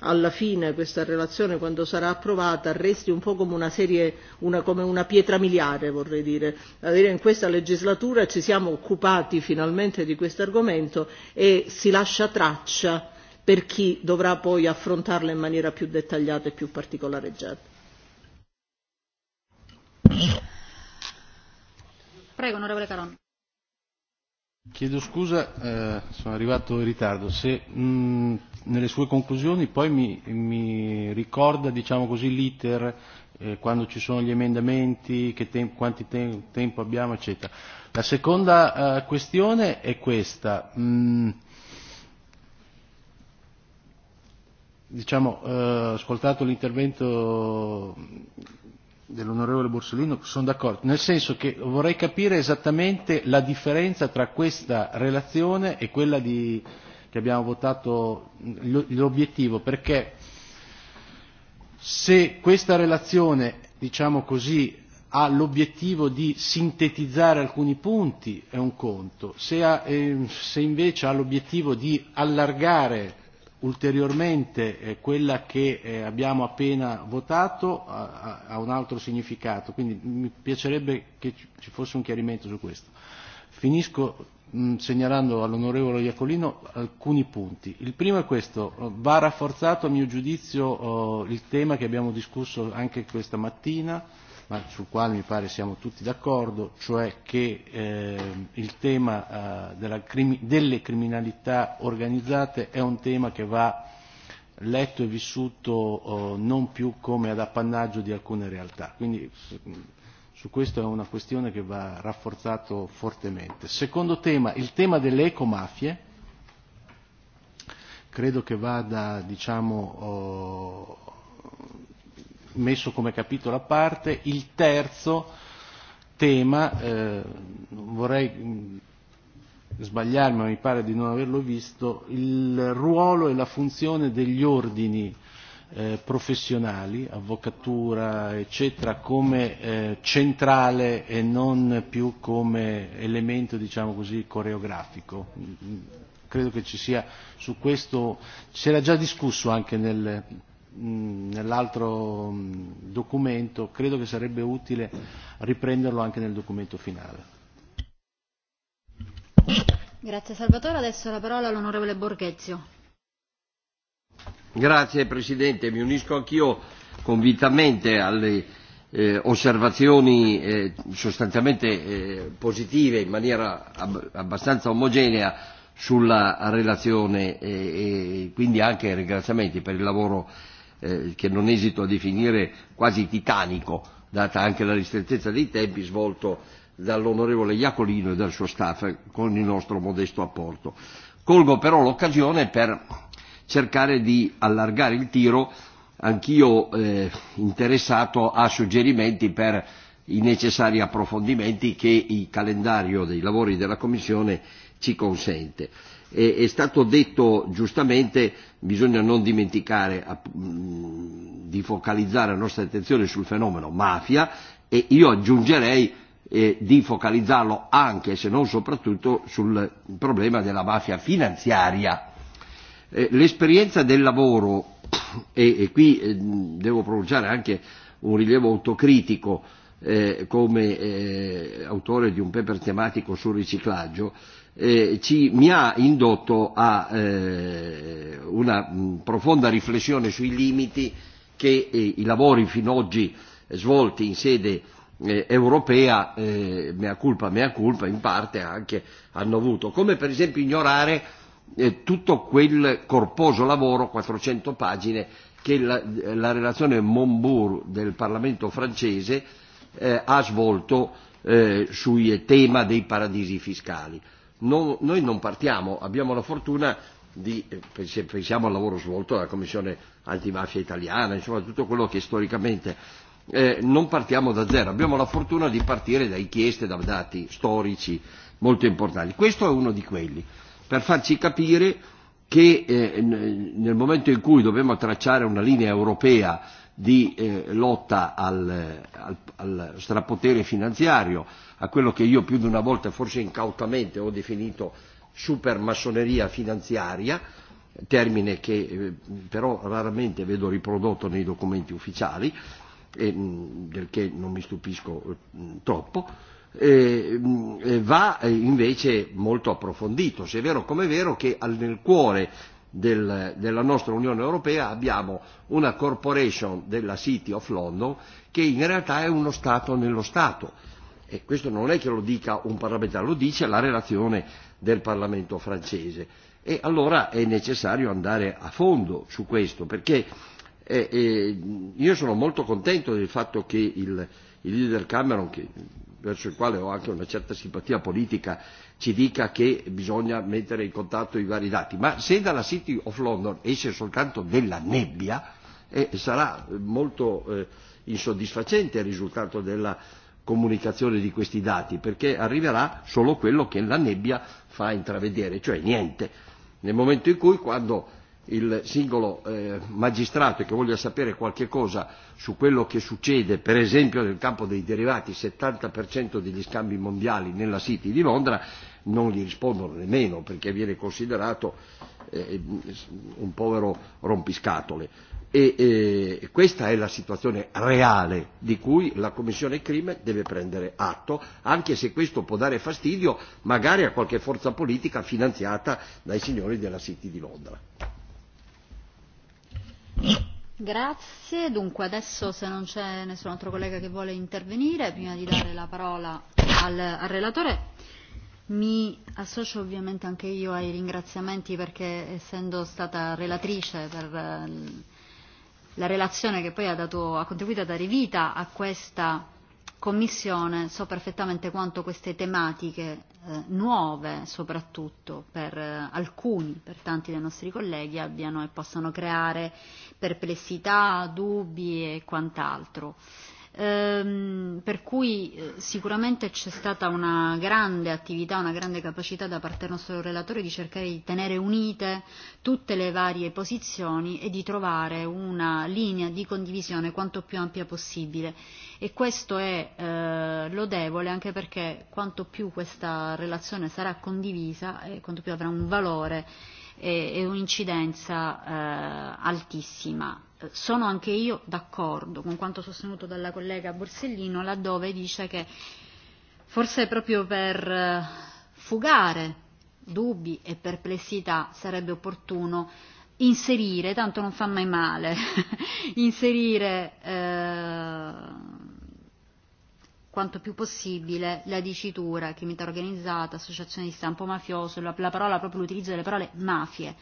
alla fine questa relazione quando sarà approvata resti un po' come una serie una, come una pietra miliare vorrei dire in questa legislatura ci siamo occupati finalmente di questo argomento e si lascia traccia per chi dovrà poi affrontarla in maniera più dettagliata e più particolareggiata.
Prego, onorevole Caron.
Chiedo scusa, eh, sono arrivato in ritardo. Se mh, mm, nelle sue conclusioni poi mi, mi ricorda diciamo così, l'iter, eh, quando ci sono gli emendamenti, che te- quanti te- tempo abbiamo, eccetera. La seconda eh, questione è questa. Mh, mm, diciamo, eh, ascoltato l'intervento dell'onorevole Borsellino, sono d'accordo, nel senso che vorrei capire esattamente la differenza tra questa relazione e quella di, che abbiamo votato, l'obiettivo, perché se questa relazione, diciamo così, ha l'obiettivo di sintetizzare alcuni punti è un conto, se, ha, eh, se invece ha l'obiettivo di allargare ulteriormente eh, quella che eh, abbiamo appena votato ha, un altro significato, quindi mi piacerebbe che ci fosse un chiarimento su questo. Finisco mh, mm, segnalando all'onorevole Iacolino alcuni punti. Il primo è questo, va rafforzato a mio giudizio oh, il tema che abbiamo discusso anche questa mattina, ma sul quale mi pare siamo tutti d'accordo, cioè che eh, il tema eh, della crimi- delle criminalità organizzate è un tema che va letto e vissuto eh, non più come ad appannaggio di alcune realtà. Quindi mm, su questo è una questione che va rafforzato fortemente. Secondo tema, il tema delle ecomafie credo che vada diciamo, oh, messo come capitolo a parte. Il terzo tema, eh, vorrei mm, sbagliarmi ma mi pare di non averlo visto, il ruolo e la funzione degli ordini eh, professionali, avvocatura eccetera, come eh, centrale e non più come elemento diciamo così coreografico. Mm, mm, credo che ci sia su questo, si era già discusso anche nel nell'altro documento, credo che sarebbe utile riprenderlo anche nel documento finale.
Grazie Salvatore, adesso la parola all'onorevole Borghezio.
Grazie Presidente, mi unisco anch'io convintamente alle eh, osservazioni eh, sostanzialmente eh, positive in maniera ab- abbastanza omogenea sulla relazione e, e quindi anche ringraziamenti per il lavoro eh, che non esito a definire quasi titanico, data anche la ristrettezza dei tempi, svolto dall'onorevole Iacolino e dal suo staff eh, con il nostro modesto apporto. Colgo però l'occasione per cercare di allargare il tiro, anch'io eh, interessato a suggerimenti per i necessari approfondimenti che il calendario dei lavori della Commissione ci consente. E, è stato detto giustamente bisogna non dimenticare mm, di focalizzare la nostra attenzione sul fenomeno mafia e io aggiungerei eh, di focalizzarlo anche, se non soprattutto, sul problema della mafia finanziaria. Eh, l'esperienza del lavoro, e, e qui eh, devo pronunciare anche un rilievo autocritico, eh, come eh, autore di un paper tematico sul riciclaggio, eh, ci, mi ha indotto a eh, una mh, mm, profonda riflessione sui limiti che eh, i lavori fin oggi svolti in sede eh, europea, eh, mea culpa, mea culpa, in parte anche hanno avuto, come per esempio ignorare eh, tutto quel corposo lavoro, 400 pagine, che la, la relazione Monbourg del Parlamento francese eh, ha svolto eh, sul tema dei paradisi fiscali. Non, noi non partiamo, abbiamo la fortuna di, eh, se pensiamo al lavoro svolto dalla Commissione antimafia italiana, insomma tutto quello che storicamente eh, non partiamo da zero, abbiamo la fortuna di partire da inchieste, da dati storici molto importanti. Questo è uno di quelli, per farci capire che eh, nel momento in cui dobbiamo tracciare una linea europea di eh, lotta al, al, al strapotere finanziario, a quello che io più di una volta forse incautamente ho definito supermassoneria finanziaria, termine che eh, però raramente vedo riprodotto nei documenti ufficiali, e, mh, mm, del che non mi stupisco mh, eh, troppo, e, mh, mm, e va eh, invece molto approfondito, se è vero come è vero che al, nel cuore del, della nostra Unione Europea abbiamo una corporation della City of London che in realtà è uno Stato nello Stato e questo non è che lo dica un parlamentare, lo dice la relazione del Parlamento francese e allora è necessario andare a fondo su questo perché eh, eh, io sono molto contento del fatto che il, il leader Cameron, che, verso il quale ho anche una certa simpatia politica, ci dica che bisogna mettere in contatto i vari dati, ma se dalla City of London esce soltanto della nebbia eh, sarà molto eh, insoddisfacente il risultato della comunicazione di questi dati, perché arriverà solo quello che la nebbia fa intravedere, cioè niente. Nel momento in cui quando il singolo eh, magistrato che voglia sapere qualche cosa su quello che succede, per esempio nel campo dei derivati, 70% degli scambi mondiali nella City di Londra, non gli rispondono nemmeno perché viene considerato eh, eh, un povero rompiscatole. E eh, questa è la situazione reale di cui la Commissione Crime deve prendere atto, anche se questo può dare fastidio magari a qualche forza politica finanziata dai signori della City di Londra.
Grazie. Dunque adesso se non c'è nessun altro collega che vuole intervenire, prima di dare la parola al, al relatore, mi associo ovviamente anche io ai ringraziamenti perché essendo stata relatrice per eh, la relazione che poi ha, dato, ha contribuito a dare vita a questa Commissione so perfettamente quanto queste tematiche eh, nuove, soprattutto per eh, alcuni, per tanti dei nostri colleghi, abbiano e possano creare perplessità, dubbi e quant'altro. Eh, ehm, per cui eh, sicuramente c'è stata una grande attività, una grande capacità da parte del nostro relatore di cercare di tenere unite tutte le varie posizioni e di trovare una linea di condivisione quanto più ampia possibile e questo è eh, lodevole anche perché quanto più questa relazione sarà condivisa e quanto più avrà un valore e, e un'incidenza eh, altissima sono anche io d'accordo con quanto sostenuto dalla collega Borsellino laddove dice che forse proprio per eh, fugare dubbi e perplessità sarebbe opportuno inserire, tanto non fa mai male, inserire eh, quanto più possibile la dicitura criminalità organizzata, associazione di stampo mafioso, la, la parola, proprio l'utilizzo delle parole mafie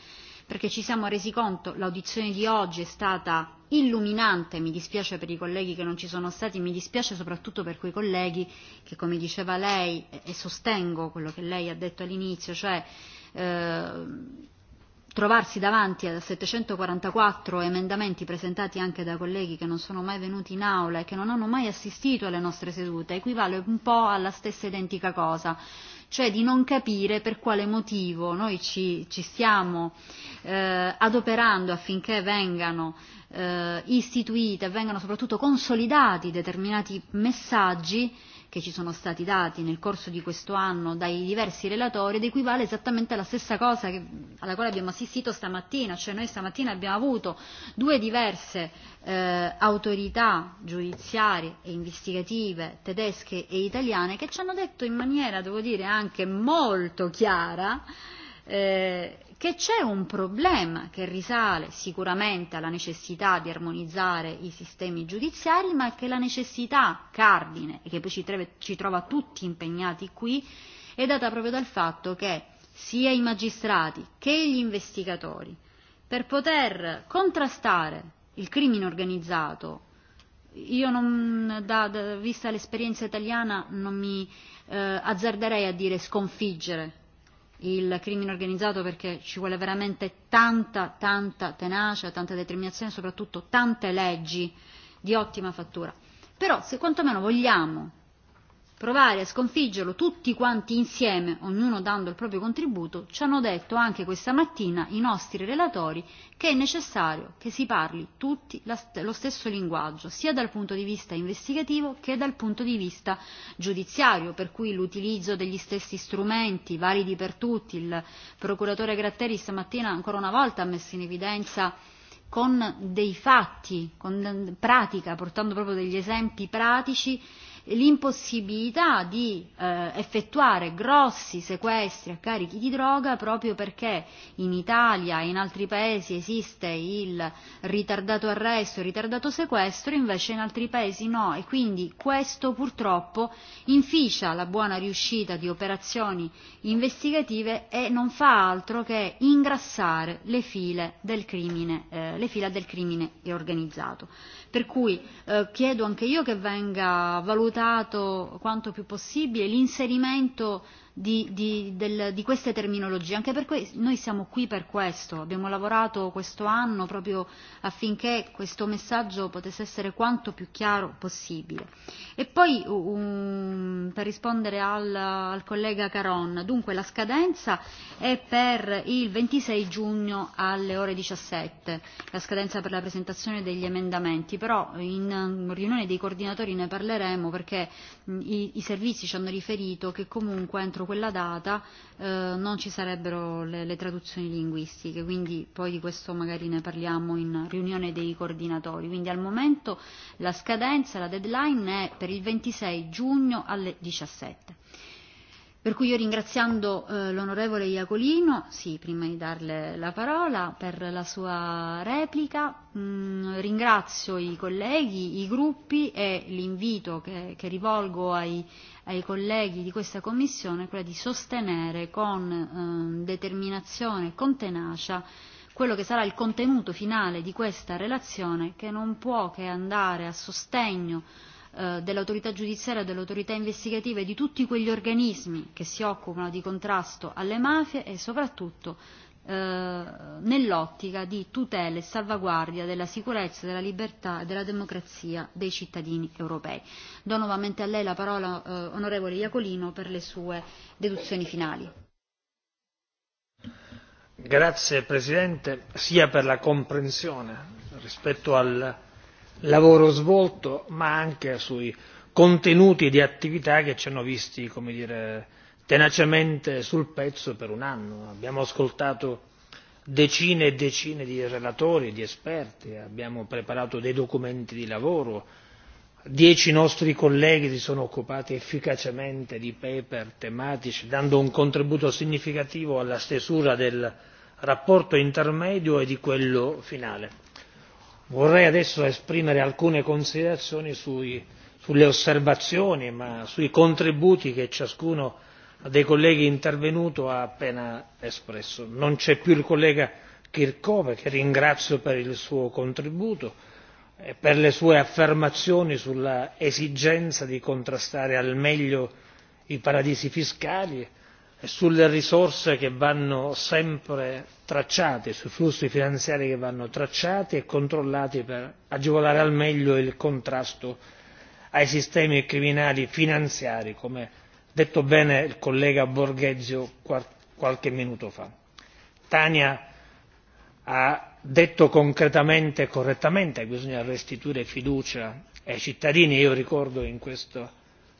perché ci siamo resi conto, l'audizione di oggi è stata illuminante, mi dispiace per i colleghi che non ci sono stati, mi dispiace soprattutto per quei colleghi che, come diceva lei, e, e sostengo quello che lei ha detto all'inizio, cioè eh, trovarsi davanti a 744 emendamenti presentati anche da colleghi che non sono mai venuti in aula e che non hanno mai assistito alle nostre sedute equivale un po' alla stessa identica cosa cioè di non capire per quale motivo noi ci, ci stiamo eh, adoperando affinché vengano eh, istituite, vengano soprattutto consolidati determinati messaggi che ci sono stati dati nel corso di questo anno dai diversi relatori ed equivale esattamente alla stessa cosa che, alla quale abbiamo assistito stamattina, cioè noi stamattina abbiamo avuto due diverse eh, autorità giudiziarie e investigative tedesche e italiane che ci hanno detto in maniera, devo dire, anche molto chiara eh, che c'è un problema che risale sicuramente alla necessità di armonizzare i sistemi giudiziari, ma che la necessità cardine, e che poi ci, treve, ci trova tutti impegnati qui, è data proprio dal fatto che sia i magistrati che gli investigatori, per poter contrastare il crimine organizzato, io non, da, da, vista l'esperienza italiana non mi eh, azzarderei a dire sconfiggere il crimine organizzato perché ci vuole veramente tanta, tanta tenacia, tanta determinazione e soprattutto tante leggi di ottima fattura. Però se quantomeno vogliamo provare a sconfiggerlo tutti quanti insieme, ognuno dando il proprio contributo, ci hanno detto anche questa mattina i nostri relatori che è necessario che si parli tutti lo stesso linguaggio, sia dal punto di vista investigativo che dal punto di vista giudiziario, per cui l'utilizzo degli stessi strumenti validi per tutti. Il procuratore Gratteri stamattina ancora una volta ha messo in evidenza con dei fatti, con pratica, portando proprio degli esempi pratici E l'impossibilità di eh, effettuare grossi sequestri a carichi di droga proprio perché in Italia e in altri paesi esiste il ritardato arresto, il ritardato sequestro, invece in altri paesi no e quindi questo purtroppo inficia la buona riuscita di operazioni investigative e non fa altro che ingrassare le file del crimine, eh, le fila del crimine organizzato. Per cui eh, chiedo anche io che venga valutato quanto più possibile l'inserimento di, di, del, di queste terminologie. Anche per noi siamo qui per questo, abbiamo lavorato questo anno proprio affinché questo messaggio potesse essere quanto più chiaro possibile. E poi um, per rispondere al, al collega Caron, dunque la scadenza è per il 26 giugno alle ore 17, la scadenza per la presentazione degli emendamenti, però in riunione dei coordinatori ne parleremo perché i, i servizi ci hanno riferito che comunque entro quella data eh, non ci sarebbero le, le traduzioni linguistiche, quindi poi di questo magari ne parliamo in riunione dei coordinatori. Quindi al momento la scadenza, la deadline è per il 26 giugno alle 17. Per cui io ringraziando eh, l'onorevole Iacolino, sì, prima di darle la parola per la sua replica, mh, mm, ringrazio i colleghi, i gruppi e l'invito che, che rivolgo ai, ai colleghi di questa Commissione è quello di sostenere con eh, determinazione e con tenacia quello che sarà il contenuto finale di questa relazione che non può che andare a sostegno eh, dell'autorità giudiziaria, dell'autorità investigativa e di tutti quegli organismi che si occupano di contrasto alle mafie e soprattutto eh, nell'ottica di tutela e salvaguardia della sicurezza, della libertà e della democrazia dei cittadini europei. Do nuovamente a lei la parola, eh, onorevole Iacolino, per le sue deduzioni finali
grazie presidente sia per la comprensione rispetto al lavoro svolto ma anche sui contenuti di attività che ci hanno visti come dire tenacemente sul pezzo per un anno. abbiamo ascoltato decine e decine di relatori di esperti abbiamo preparato dei documenti di lavoro dieci nostri colleghi si sono occupati efficacemente di paper tematici dando un contributo significativo alla stesura del rapporto intermedio e di quello finale vorrei adesso esprimere alcune considerazioni sulle osservazioni e sui contributi che ciascuno dei colleghi intervenuti ha appena espresso. non c'è più il collega kirkhope che ringrazio per il suo contributo e per le sue affermazioni sull'esigenza di contrastare al meglio i paradisi fiscali E sulle risorse che vanno sempre tracciate sui flussi finanziari che vanno tracciati e controllati per agevolare al meglio il contrasto ai sistemi criminali finanziari come ha detto bene il collega borghezio qualche minuto fa. Tania ha detto concretamente e correttamente che bisogna restituire fiducia ai cittadini e io ricordo in questo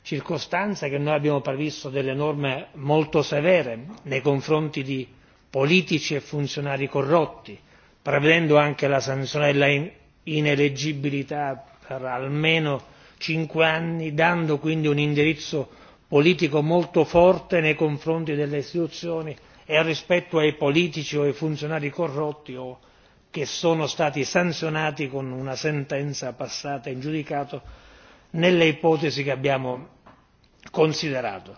circostanza che noi abbiamo previsto delle norme molto severe nei confronti di politici e funzionari corrotti prevedendo anche la sanzione dell'ineleggibilità per almeno cinque anni dando quindi un indirizzo politico molto forte nei confronti delle istituzioni e rispetto ai politici o ai funzionari corrotti o che sono stati sanzionati con una sentenza passata in giudicato nelle ipotesi che abbiamo considerato.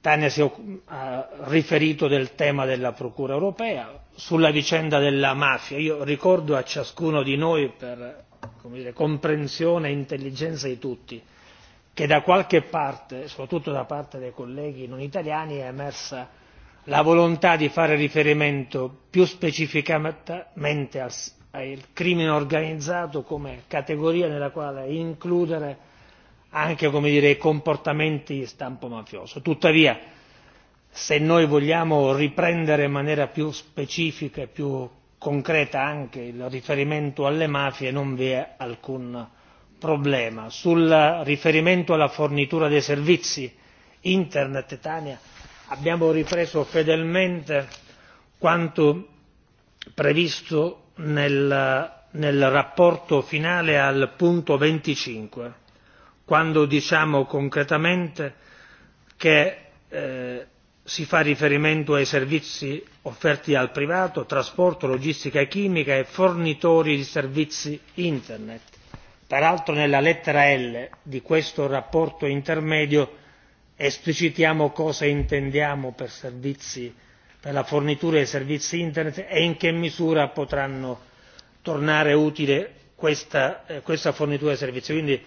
Tania ah, si ha riferito del tema della Procura europea, sulla vicenda della mafia. Io ricordo a ciascuno di noi, per come dire, comprensione e intelligenza di tutti, che da qualche parte, soprattutto da parte dei colleghi non italiani, è emersa la volontà di fare riferimento più specificamente al, al crimine organizzato come categoria nella quale includere anche come dire, comportamenti di stampo mafioso. Tuttavia, se noi vogliamo riprendere in maniera più specifica e più concreta anche il riferimento alle mafie, non vi è alcun problema. Sul riferimento alla fornitura dei servizi internet e Tania abbiamo ripreso fedelmente quanto previsto nel, nel rapporto finale al punto 25 quando diciamo concretamente che eh, si fa riferimento ai servizi offerti al privato, trasporto, logistica e chimica e fornitori di servizi internet. Peraltro nella lettera L di questo rapporto intermedio esplicitiamo cosa intendiamo per servizi per la fornitura di servizi internet e in che misura potranno tornare utile questa, eh, questa fornitura di servizi. Quindi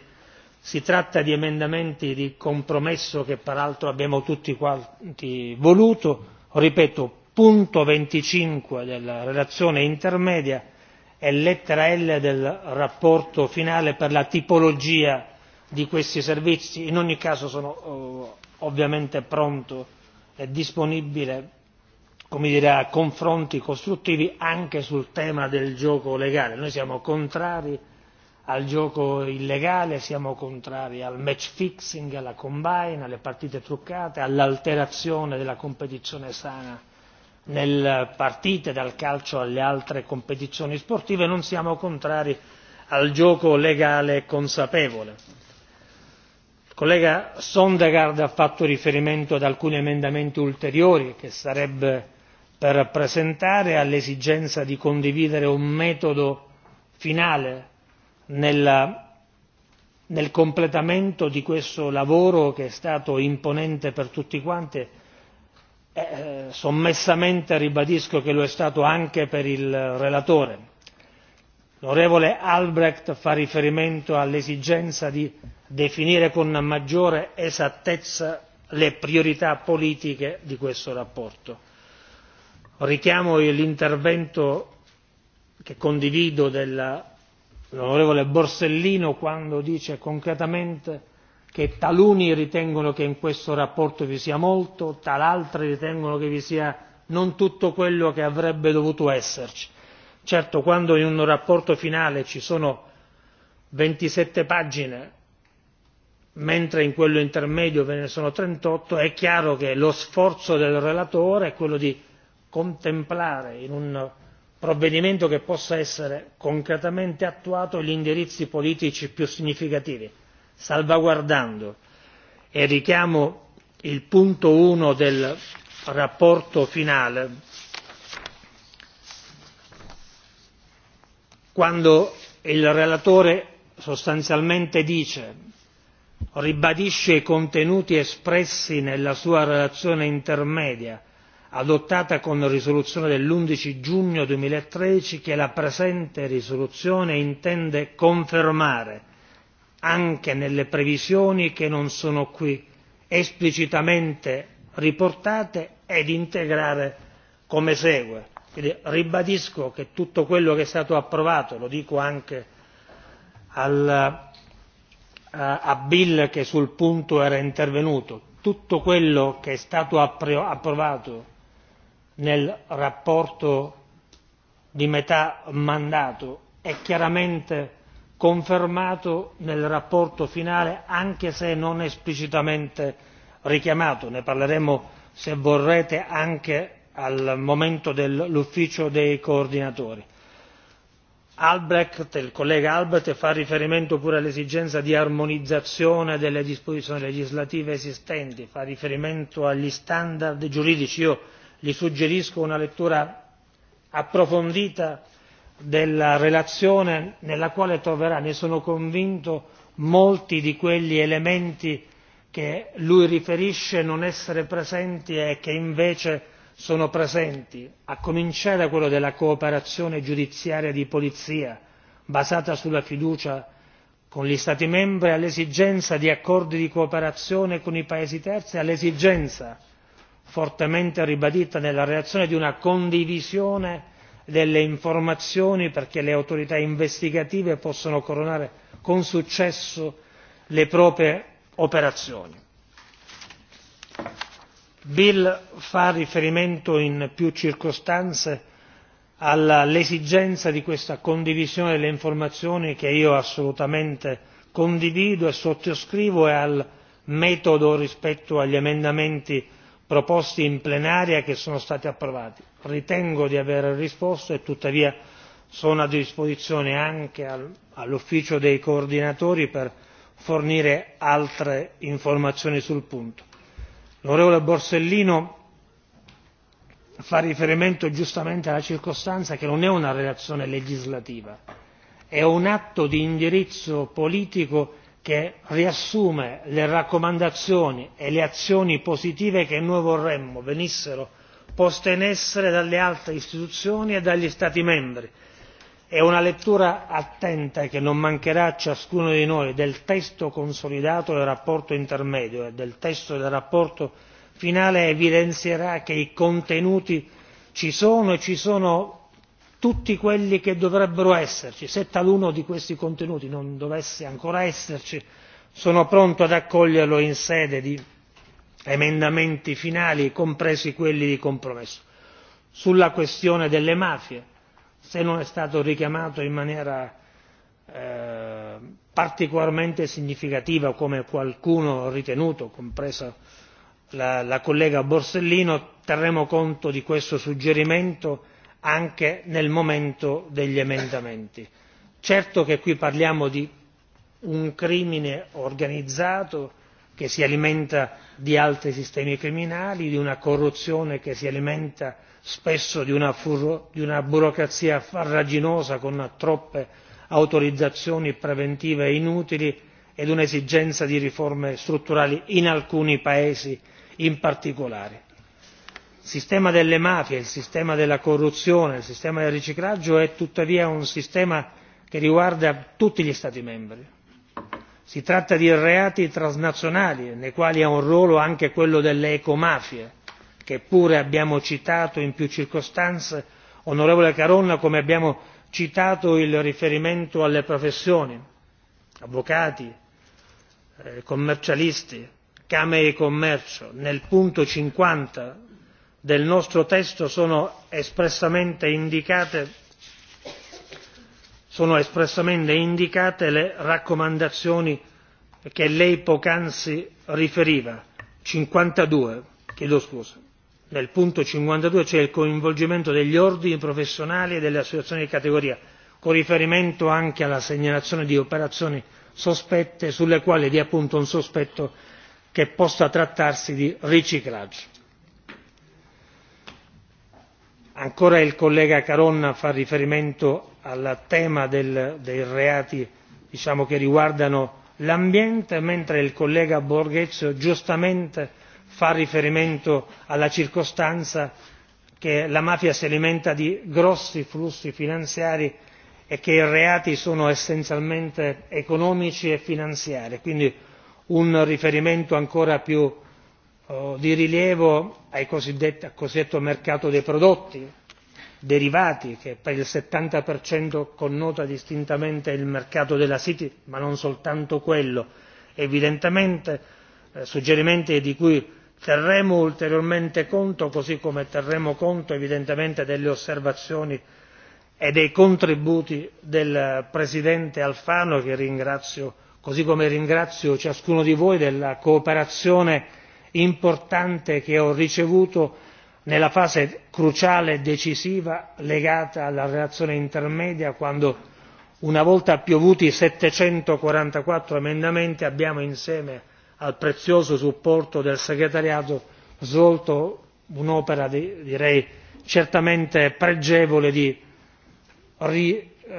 si tratta di emendamenti di compromesso che peraltro abbiamo tutti quanti voluto ripeto punto venticinque della relazione intermedia e lettera l della relazione finale per la tipologia di questi servizi. in ogni caso sono eh, ovviamente pronto e disponibile come dire, a confronti costruttivi anche sul tema del gioco legale. noi siamo contrari al gioco illegale, siamo contrari al match fixing, alla combine, alle partite truccate, all'alterazione della competizione sana nelle partite dal calcio alle altre competizioni sportive, non siamo contrari al gioco legale e consapevole. Il collega Sondergaard ha fatto riferimento ad alcuni emendamenti ulteriori che sarebbe per presentare all'esigenza di condividere un metodo finale nel completamento di questo lavoro che è stato imponente per tutti quanti eh, sommessamente ribadisco che lo è stato anche per il relatore l'onorevole albrecht fa riferimento all'esigenza di definire con maggiore esattezza le priorità politiche di questa relazione. richiamo l'intervento che condivido della l'onorevole borsellino quando dice concretamente che taluni ritengono che in questa relazione vi sia molto talaltri ritengono che vi sia non tutto quello che avrebbe dovuto esserci. certo quando in una relazione finale ci sono ventisette pagine mentre in quello intermedio ve ne sono trentotto è chiaro che lo sforzo del relatore è quello di contemplare in un provvedimento che possa essere concretamente attuato gli indirizzi politici più significativi salvaguardando e richiamo il punto uno della relazione finale quando il relatore sostanzialmente dice ribadisce i contenuti espressi nella sua relazione intermedia adottata con risoluzione dell'11 giugno 2013 che la presente risoluzione intende confermare anche nelle previsioni che non sono qui esplicitamente riportate ed integrare come segue. Quindi ribadisco che tutto quello che è stato approvato, lo dico anche al, eh, a Bill che sul punto era intervenuto, tutto quello che è stato approvato nel rapporto di metà mandato è chiaramente confermato nel rapporto finale anche se non esplicitamente richiamato ne parleremo se vorrete anche al momento dell'ufficio dei coordinatori. Albrecht, il collega Albrecht fa riferimento pure all'esigenza di armonizzazione delle disposizioni legislative esistenti, fa riferimento agli standard giuridici. Io gli suggerisco una lettura approfondita della relazione nella quale troverà ne sono convinto molti di quegli elementi che lui riferisce non essere presenti e che invece sono presenti a cominciare da quello della cooperazione giudiziaria di polizia basata sulla fiducia con gli stati membri all'esigenza di accordi di cooperazione con i paesi terzi all'esigenza fortemente ribadita nella relazione di una condivisione delle informazioni perché le autorità investigative possano coronare con successo le proprie operazioni. Bill fa riferimento in più circostanze all'esigenza di questa condivisione delle informazioni che io assolutamente condivido e sottoscrivo e al metodo rispetto agli emendamenti proposti in plenaria che sono stati approvati. ritengo di aver risposto e tuttavia sono a disposizione anche al, all'ufficio dei coordinatori per fornire altre informazioni sul punto. l'onorevole borsellino fa riferimento giustamente alla circostanza che non è una relazione legislativa è un atto di indirizzo politico che riassume le raccomandazioni e le azioni positive che noi vorremmo venissero poste in essere dalle altre istituzioni e dagli stati membri. è una lettura attenta che non mancherà a ciascuno di noi del testo consolidato della relazione intermedia e del testo della relazione finale evidenzierà che i contenuti ci sono e ci sono tutti quelli che dovrebbero esserci se taluno di questi contenuti non dovesse ancora esserci sono pronto ad accoglierlo in sede di emendamenti finali compresi quelli di compromesso. sulla questione delle mafie se non è stato richiamato in maniera eh, particolarmente significativa come qualcuno ha ritenuto compresa la, la collega borsellino terremo conto di questo suggerimento anche nel momento degli emendamenti. certo che qui parliamo di un crimine organizzato che si alimenta di altri sistemi criminali di una corruzione che si alimenta spesso di una, burocrazia farraginosa con troppe autorizzazioni preventive inutili e di un'esigenza di riforme strutturali in alcuni paesi in particolare sistema delle mafie il sistema della corruzione il sistema del riciclaggio è tuttavia un sistema che riguarda tutti gli stati membri si tratta di reati transnazionali nei quali ha un ruolo anche quello delle ecomafie che pure abbiamo citato in più circostanze onorevole caronna come abbiamo citato il riferimento alle professioni avvocati eh, commercialisti camere di commercio nel punto cinquanta del nostro testo sono espressamente indicate, sono espressamente indicate le raccomandazioni che lei poc'anzi riferiva. 52, chiedo scusa. Nel punto cinquantadue c'è il coinvolgimento degli ordini professionali e delle associazioni di categoria, con riferimento anche alla segnalazione di operazioni sospette sulle quali vi è appunto un sospetto che possa trattarsi di riciclaggio ancora il collega caronna fa riferimento al tema dei reati diciamo, che riguardano l'ambiente mentre il collega borghez giustamente fa riferimento alla circostanza che la mafia si alimenta di grossi flussi finanziari e che i reati sono essenzialmente economici e finanziari quindi un riferimento ancora più Eh, di rilievo al cosiddetto mercato dei prodotti derivati che per il settanta connota distintamente il mercato della city ma non soltanto quello evidentemente eh, suggerimenti di cui terremo ulteriormente conto così come terremo conto evidentemente delle osservazioni e dei contributi del presidente alfano che ringrazio così come ringrazio ciascuno di voi della cooperazione importante che ho ricevuto nella fase cruciale e decisiva legata alla relazione intermedia quando una volta piovuti settecentoquarantaquattro emendamenti abbiamo insieme al prezioso supporto del segretariato svolto un'opera direi certamente pregevole di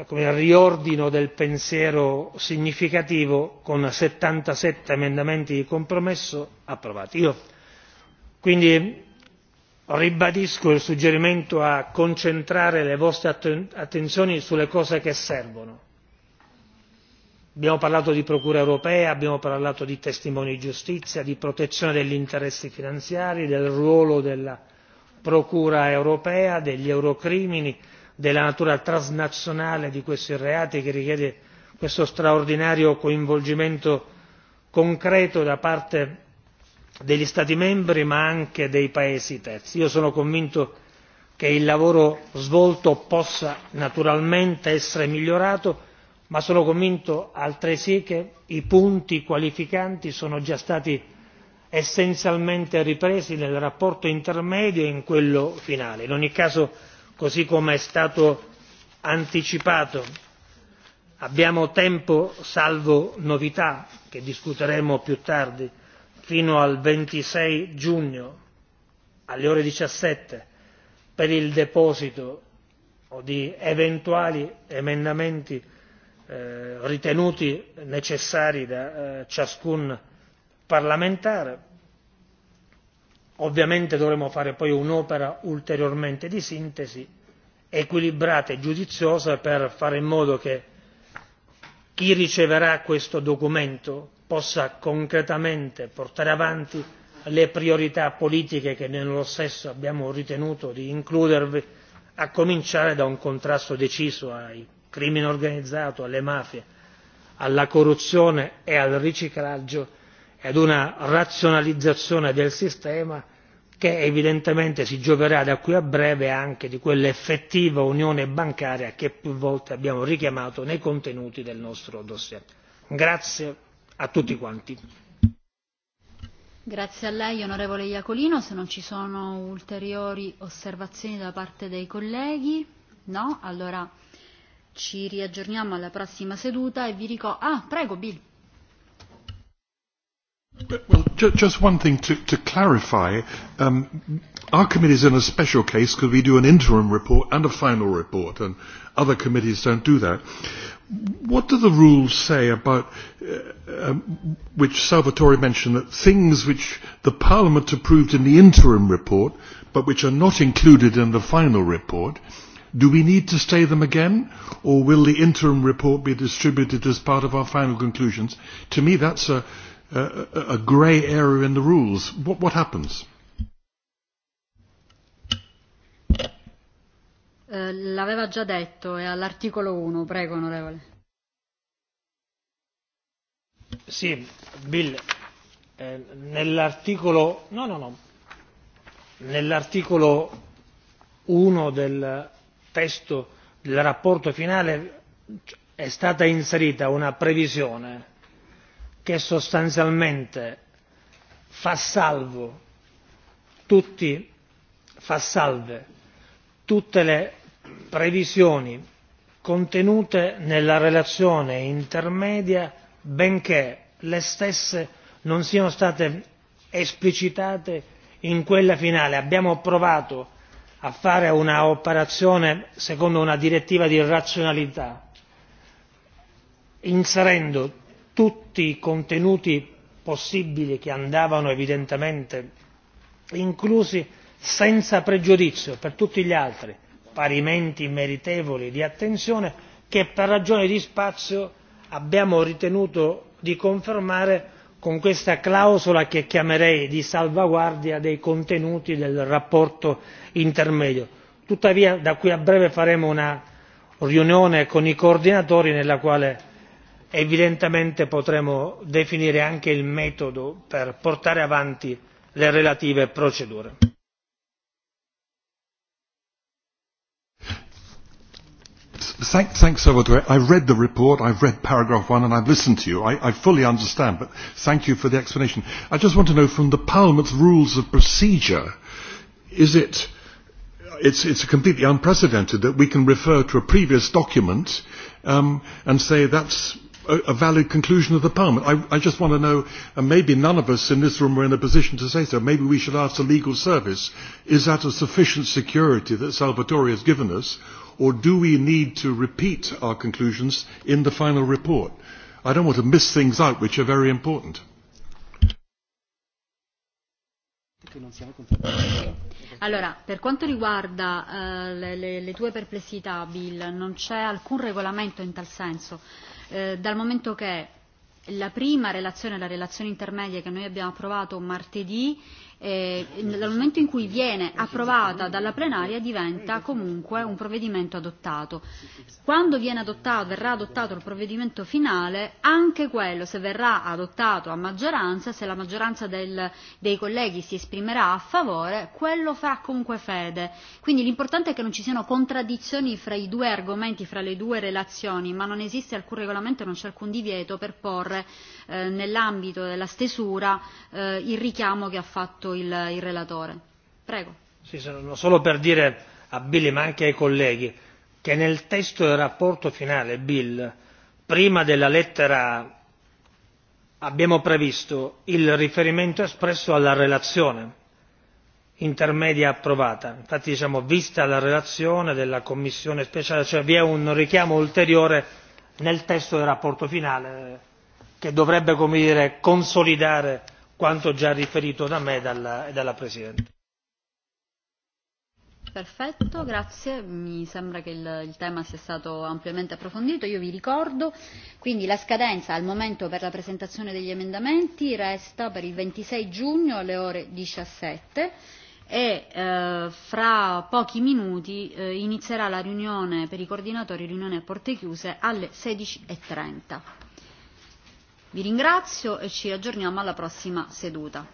come riordino del pensiero significativo con settantasette emendamenti di compromesso approvati. io quindi ribadisco il suggerimento a concentrare le vostre attenzioni sulle cose che servono. abbiamo parlato di procura europea abbiamo parlato di testimoni di giustizia di protezione degli interessi finanziari del ruolo della procura europea degli eurocrimini della natura transnazionale di questi reati che richiede questo straordinario coinvolgimento concreto da parte degli stati membri ma anche dei paesi terzi. io sono convinto che il lavoro svolto possa naturalmente essere migliorato ma sono convinto altresì che i punti qualificanti sono già stati essenzialmente ripresi nella relazione intermedia e in quella finale. in ogni caso così come è stato anticipato. Abbiamo tempo, salvo novità che discuteremo più tardi, fino al 26 giugno alle ore 17 per il deposito di eventuali emendamenti eh, ritenuti necessari da eh, ciascun parlamentare ovviamente dovremo fare poi un'opera ulteriormente di sintesi equilibrata e giudiziosa per fare in modo che chi riceverà questo documento possa concretamente portare avanti le priorità politiche che nello stesso abbiamo ritenuto di includervi a cominciare da un contrasto deciso al crimine organizzato alle mafie alla corruzione e al riciclaggio ed una razionalizzazione del sistema che evidentemente si gioverà da qui a breve anche di quell'effettiva unione bancaria che più volte abbiamo richiamato nei contenuti del nostro dossier. grazie a tutti quanti.
Grazie a lei onorevole Iacolino, se non ci sono ulteriori osservazioni da parte dei colleghi, no? Allora ci riaggiorniamo alla prossima seduta e vi ricordo... Ah, prego Bill.
Well, just one thing to, to clarify. Um, our committee is in a special case because we do an interim report and a final report, and other committees don't do that. What do the rules say about, uh, um, which Salvatore mentioned, that things which the Parliament approved in the interim report, but which are not included in the final report, do we need to stay them again, or will the interim report be distributed as part of our final conclusions? To me, that's a uh, a grey area in the rules. What, what happens?
Uh, l'aveva già detto, è all'articolo 1, prego onorevole.
Sì, Bill, eh, nell'articolo, no, no, no, nell'articolo 1 del testo del rapporto finale è stata inserita una previsione che sostanzialmente fa salvo tutti fa salve tutte le previsioni contenute nella relazione intermedia benché le stesse non siano state esplicitate in quella finale. abbiamo provato a fare una operazione secondo una direttiva di razionalità inserendo tutti i contenuti possibili che andavano evidentemente inclusi senza pregiudizio per tutti gli altri parimenti meritevoli di attenzione che per ragioni di spazio abbiamo ritenuto di confermare con questa clausola che chiamerei di salvaguardia dei contenuti del rapporto intermedio. tuttavia da qui a breve faremo una riunione con i coordinatori nella quale evidentemente potremo definire anche il metodo per portare avanti le relative procedure.
thanks, Salvatore. read the report, read paragraph one, and listened to you. I, I fully understand, but thank you for the explanation. I just want to know from the Parliament's rules of procedure, is it, it's, it's completely unprecedented that we can refer to a previous document um, and say that's a, a valid conclusion of the Parliament. I, I just want to know, and maybe none of us in this room are in a position to say so, maybe we should ask the legal service, is that a sufficient security that Salvatore has given us, or do we need to repeat our conclusions in the final report? I don't want to miss things out which are very important.
Allora, per quanto riguarda eh, le, le, le tue perplessità, Bill, non c'è alcun regolamento in tal senso eh, dal momento che la prima relazione, la relazione intermedia che noi abbiamo approvato martedì, eh, dal momento in cui viene approvata dalla plenaria diventa comunque un provvedimento adottato. Quando viene adottato, verrà adottato il provvedimento finale, anche quello se verrà adottato a maggioranza, se la maggioranza del, dei colleghi si esprimerà a favore, quello farà comunque fede. Quindi l'importante è che non ci siano contraddizioni fra i due argomenti, fra le due relazioni, ma non esiste alcun regolamento, non c'è alcun divieto per porre eh, nell'ambito della stesura eh, il richiamo che ha fatto detto il, il relatore. Prego.
Sì, solo per dire a ma anche ai colleghi che nel testo del rapporto finale, Bill, prima della lettera abbiamo previsto il riferimento espresso alla relazione intermedia approvata infatti diciamo vista la relazione della commissione speciale cioè vi è un richiamo ulteriore nel testo della relazione finale eh, che dovrebbe come dire consolidare quanto già riferito da me e dalla, dalla Presidente.
Perfetto, grazie. Mi sembra che il, il tema sia stato ampiamente approfondito. Io vi ricordo quindi la scadenza al momento per la presentazione degli emendamenti resta per il 26 giugno alle ore 17 e eh, fra pochi minuti eh, inizierà la riunione per i coordinatori, riunione a porte chiuse alle 16.30. Vi ringrazio e ci aggiorniamo alla prossima seduta.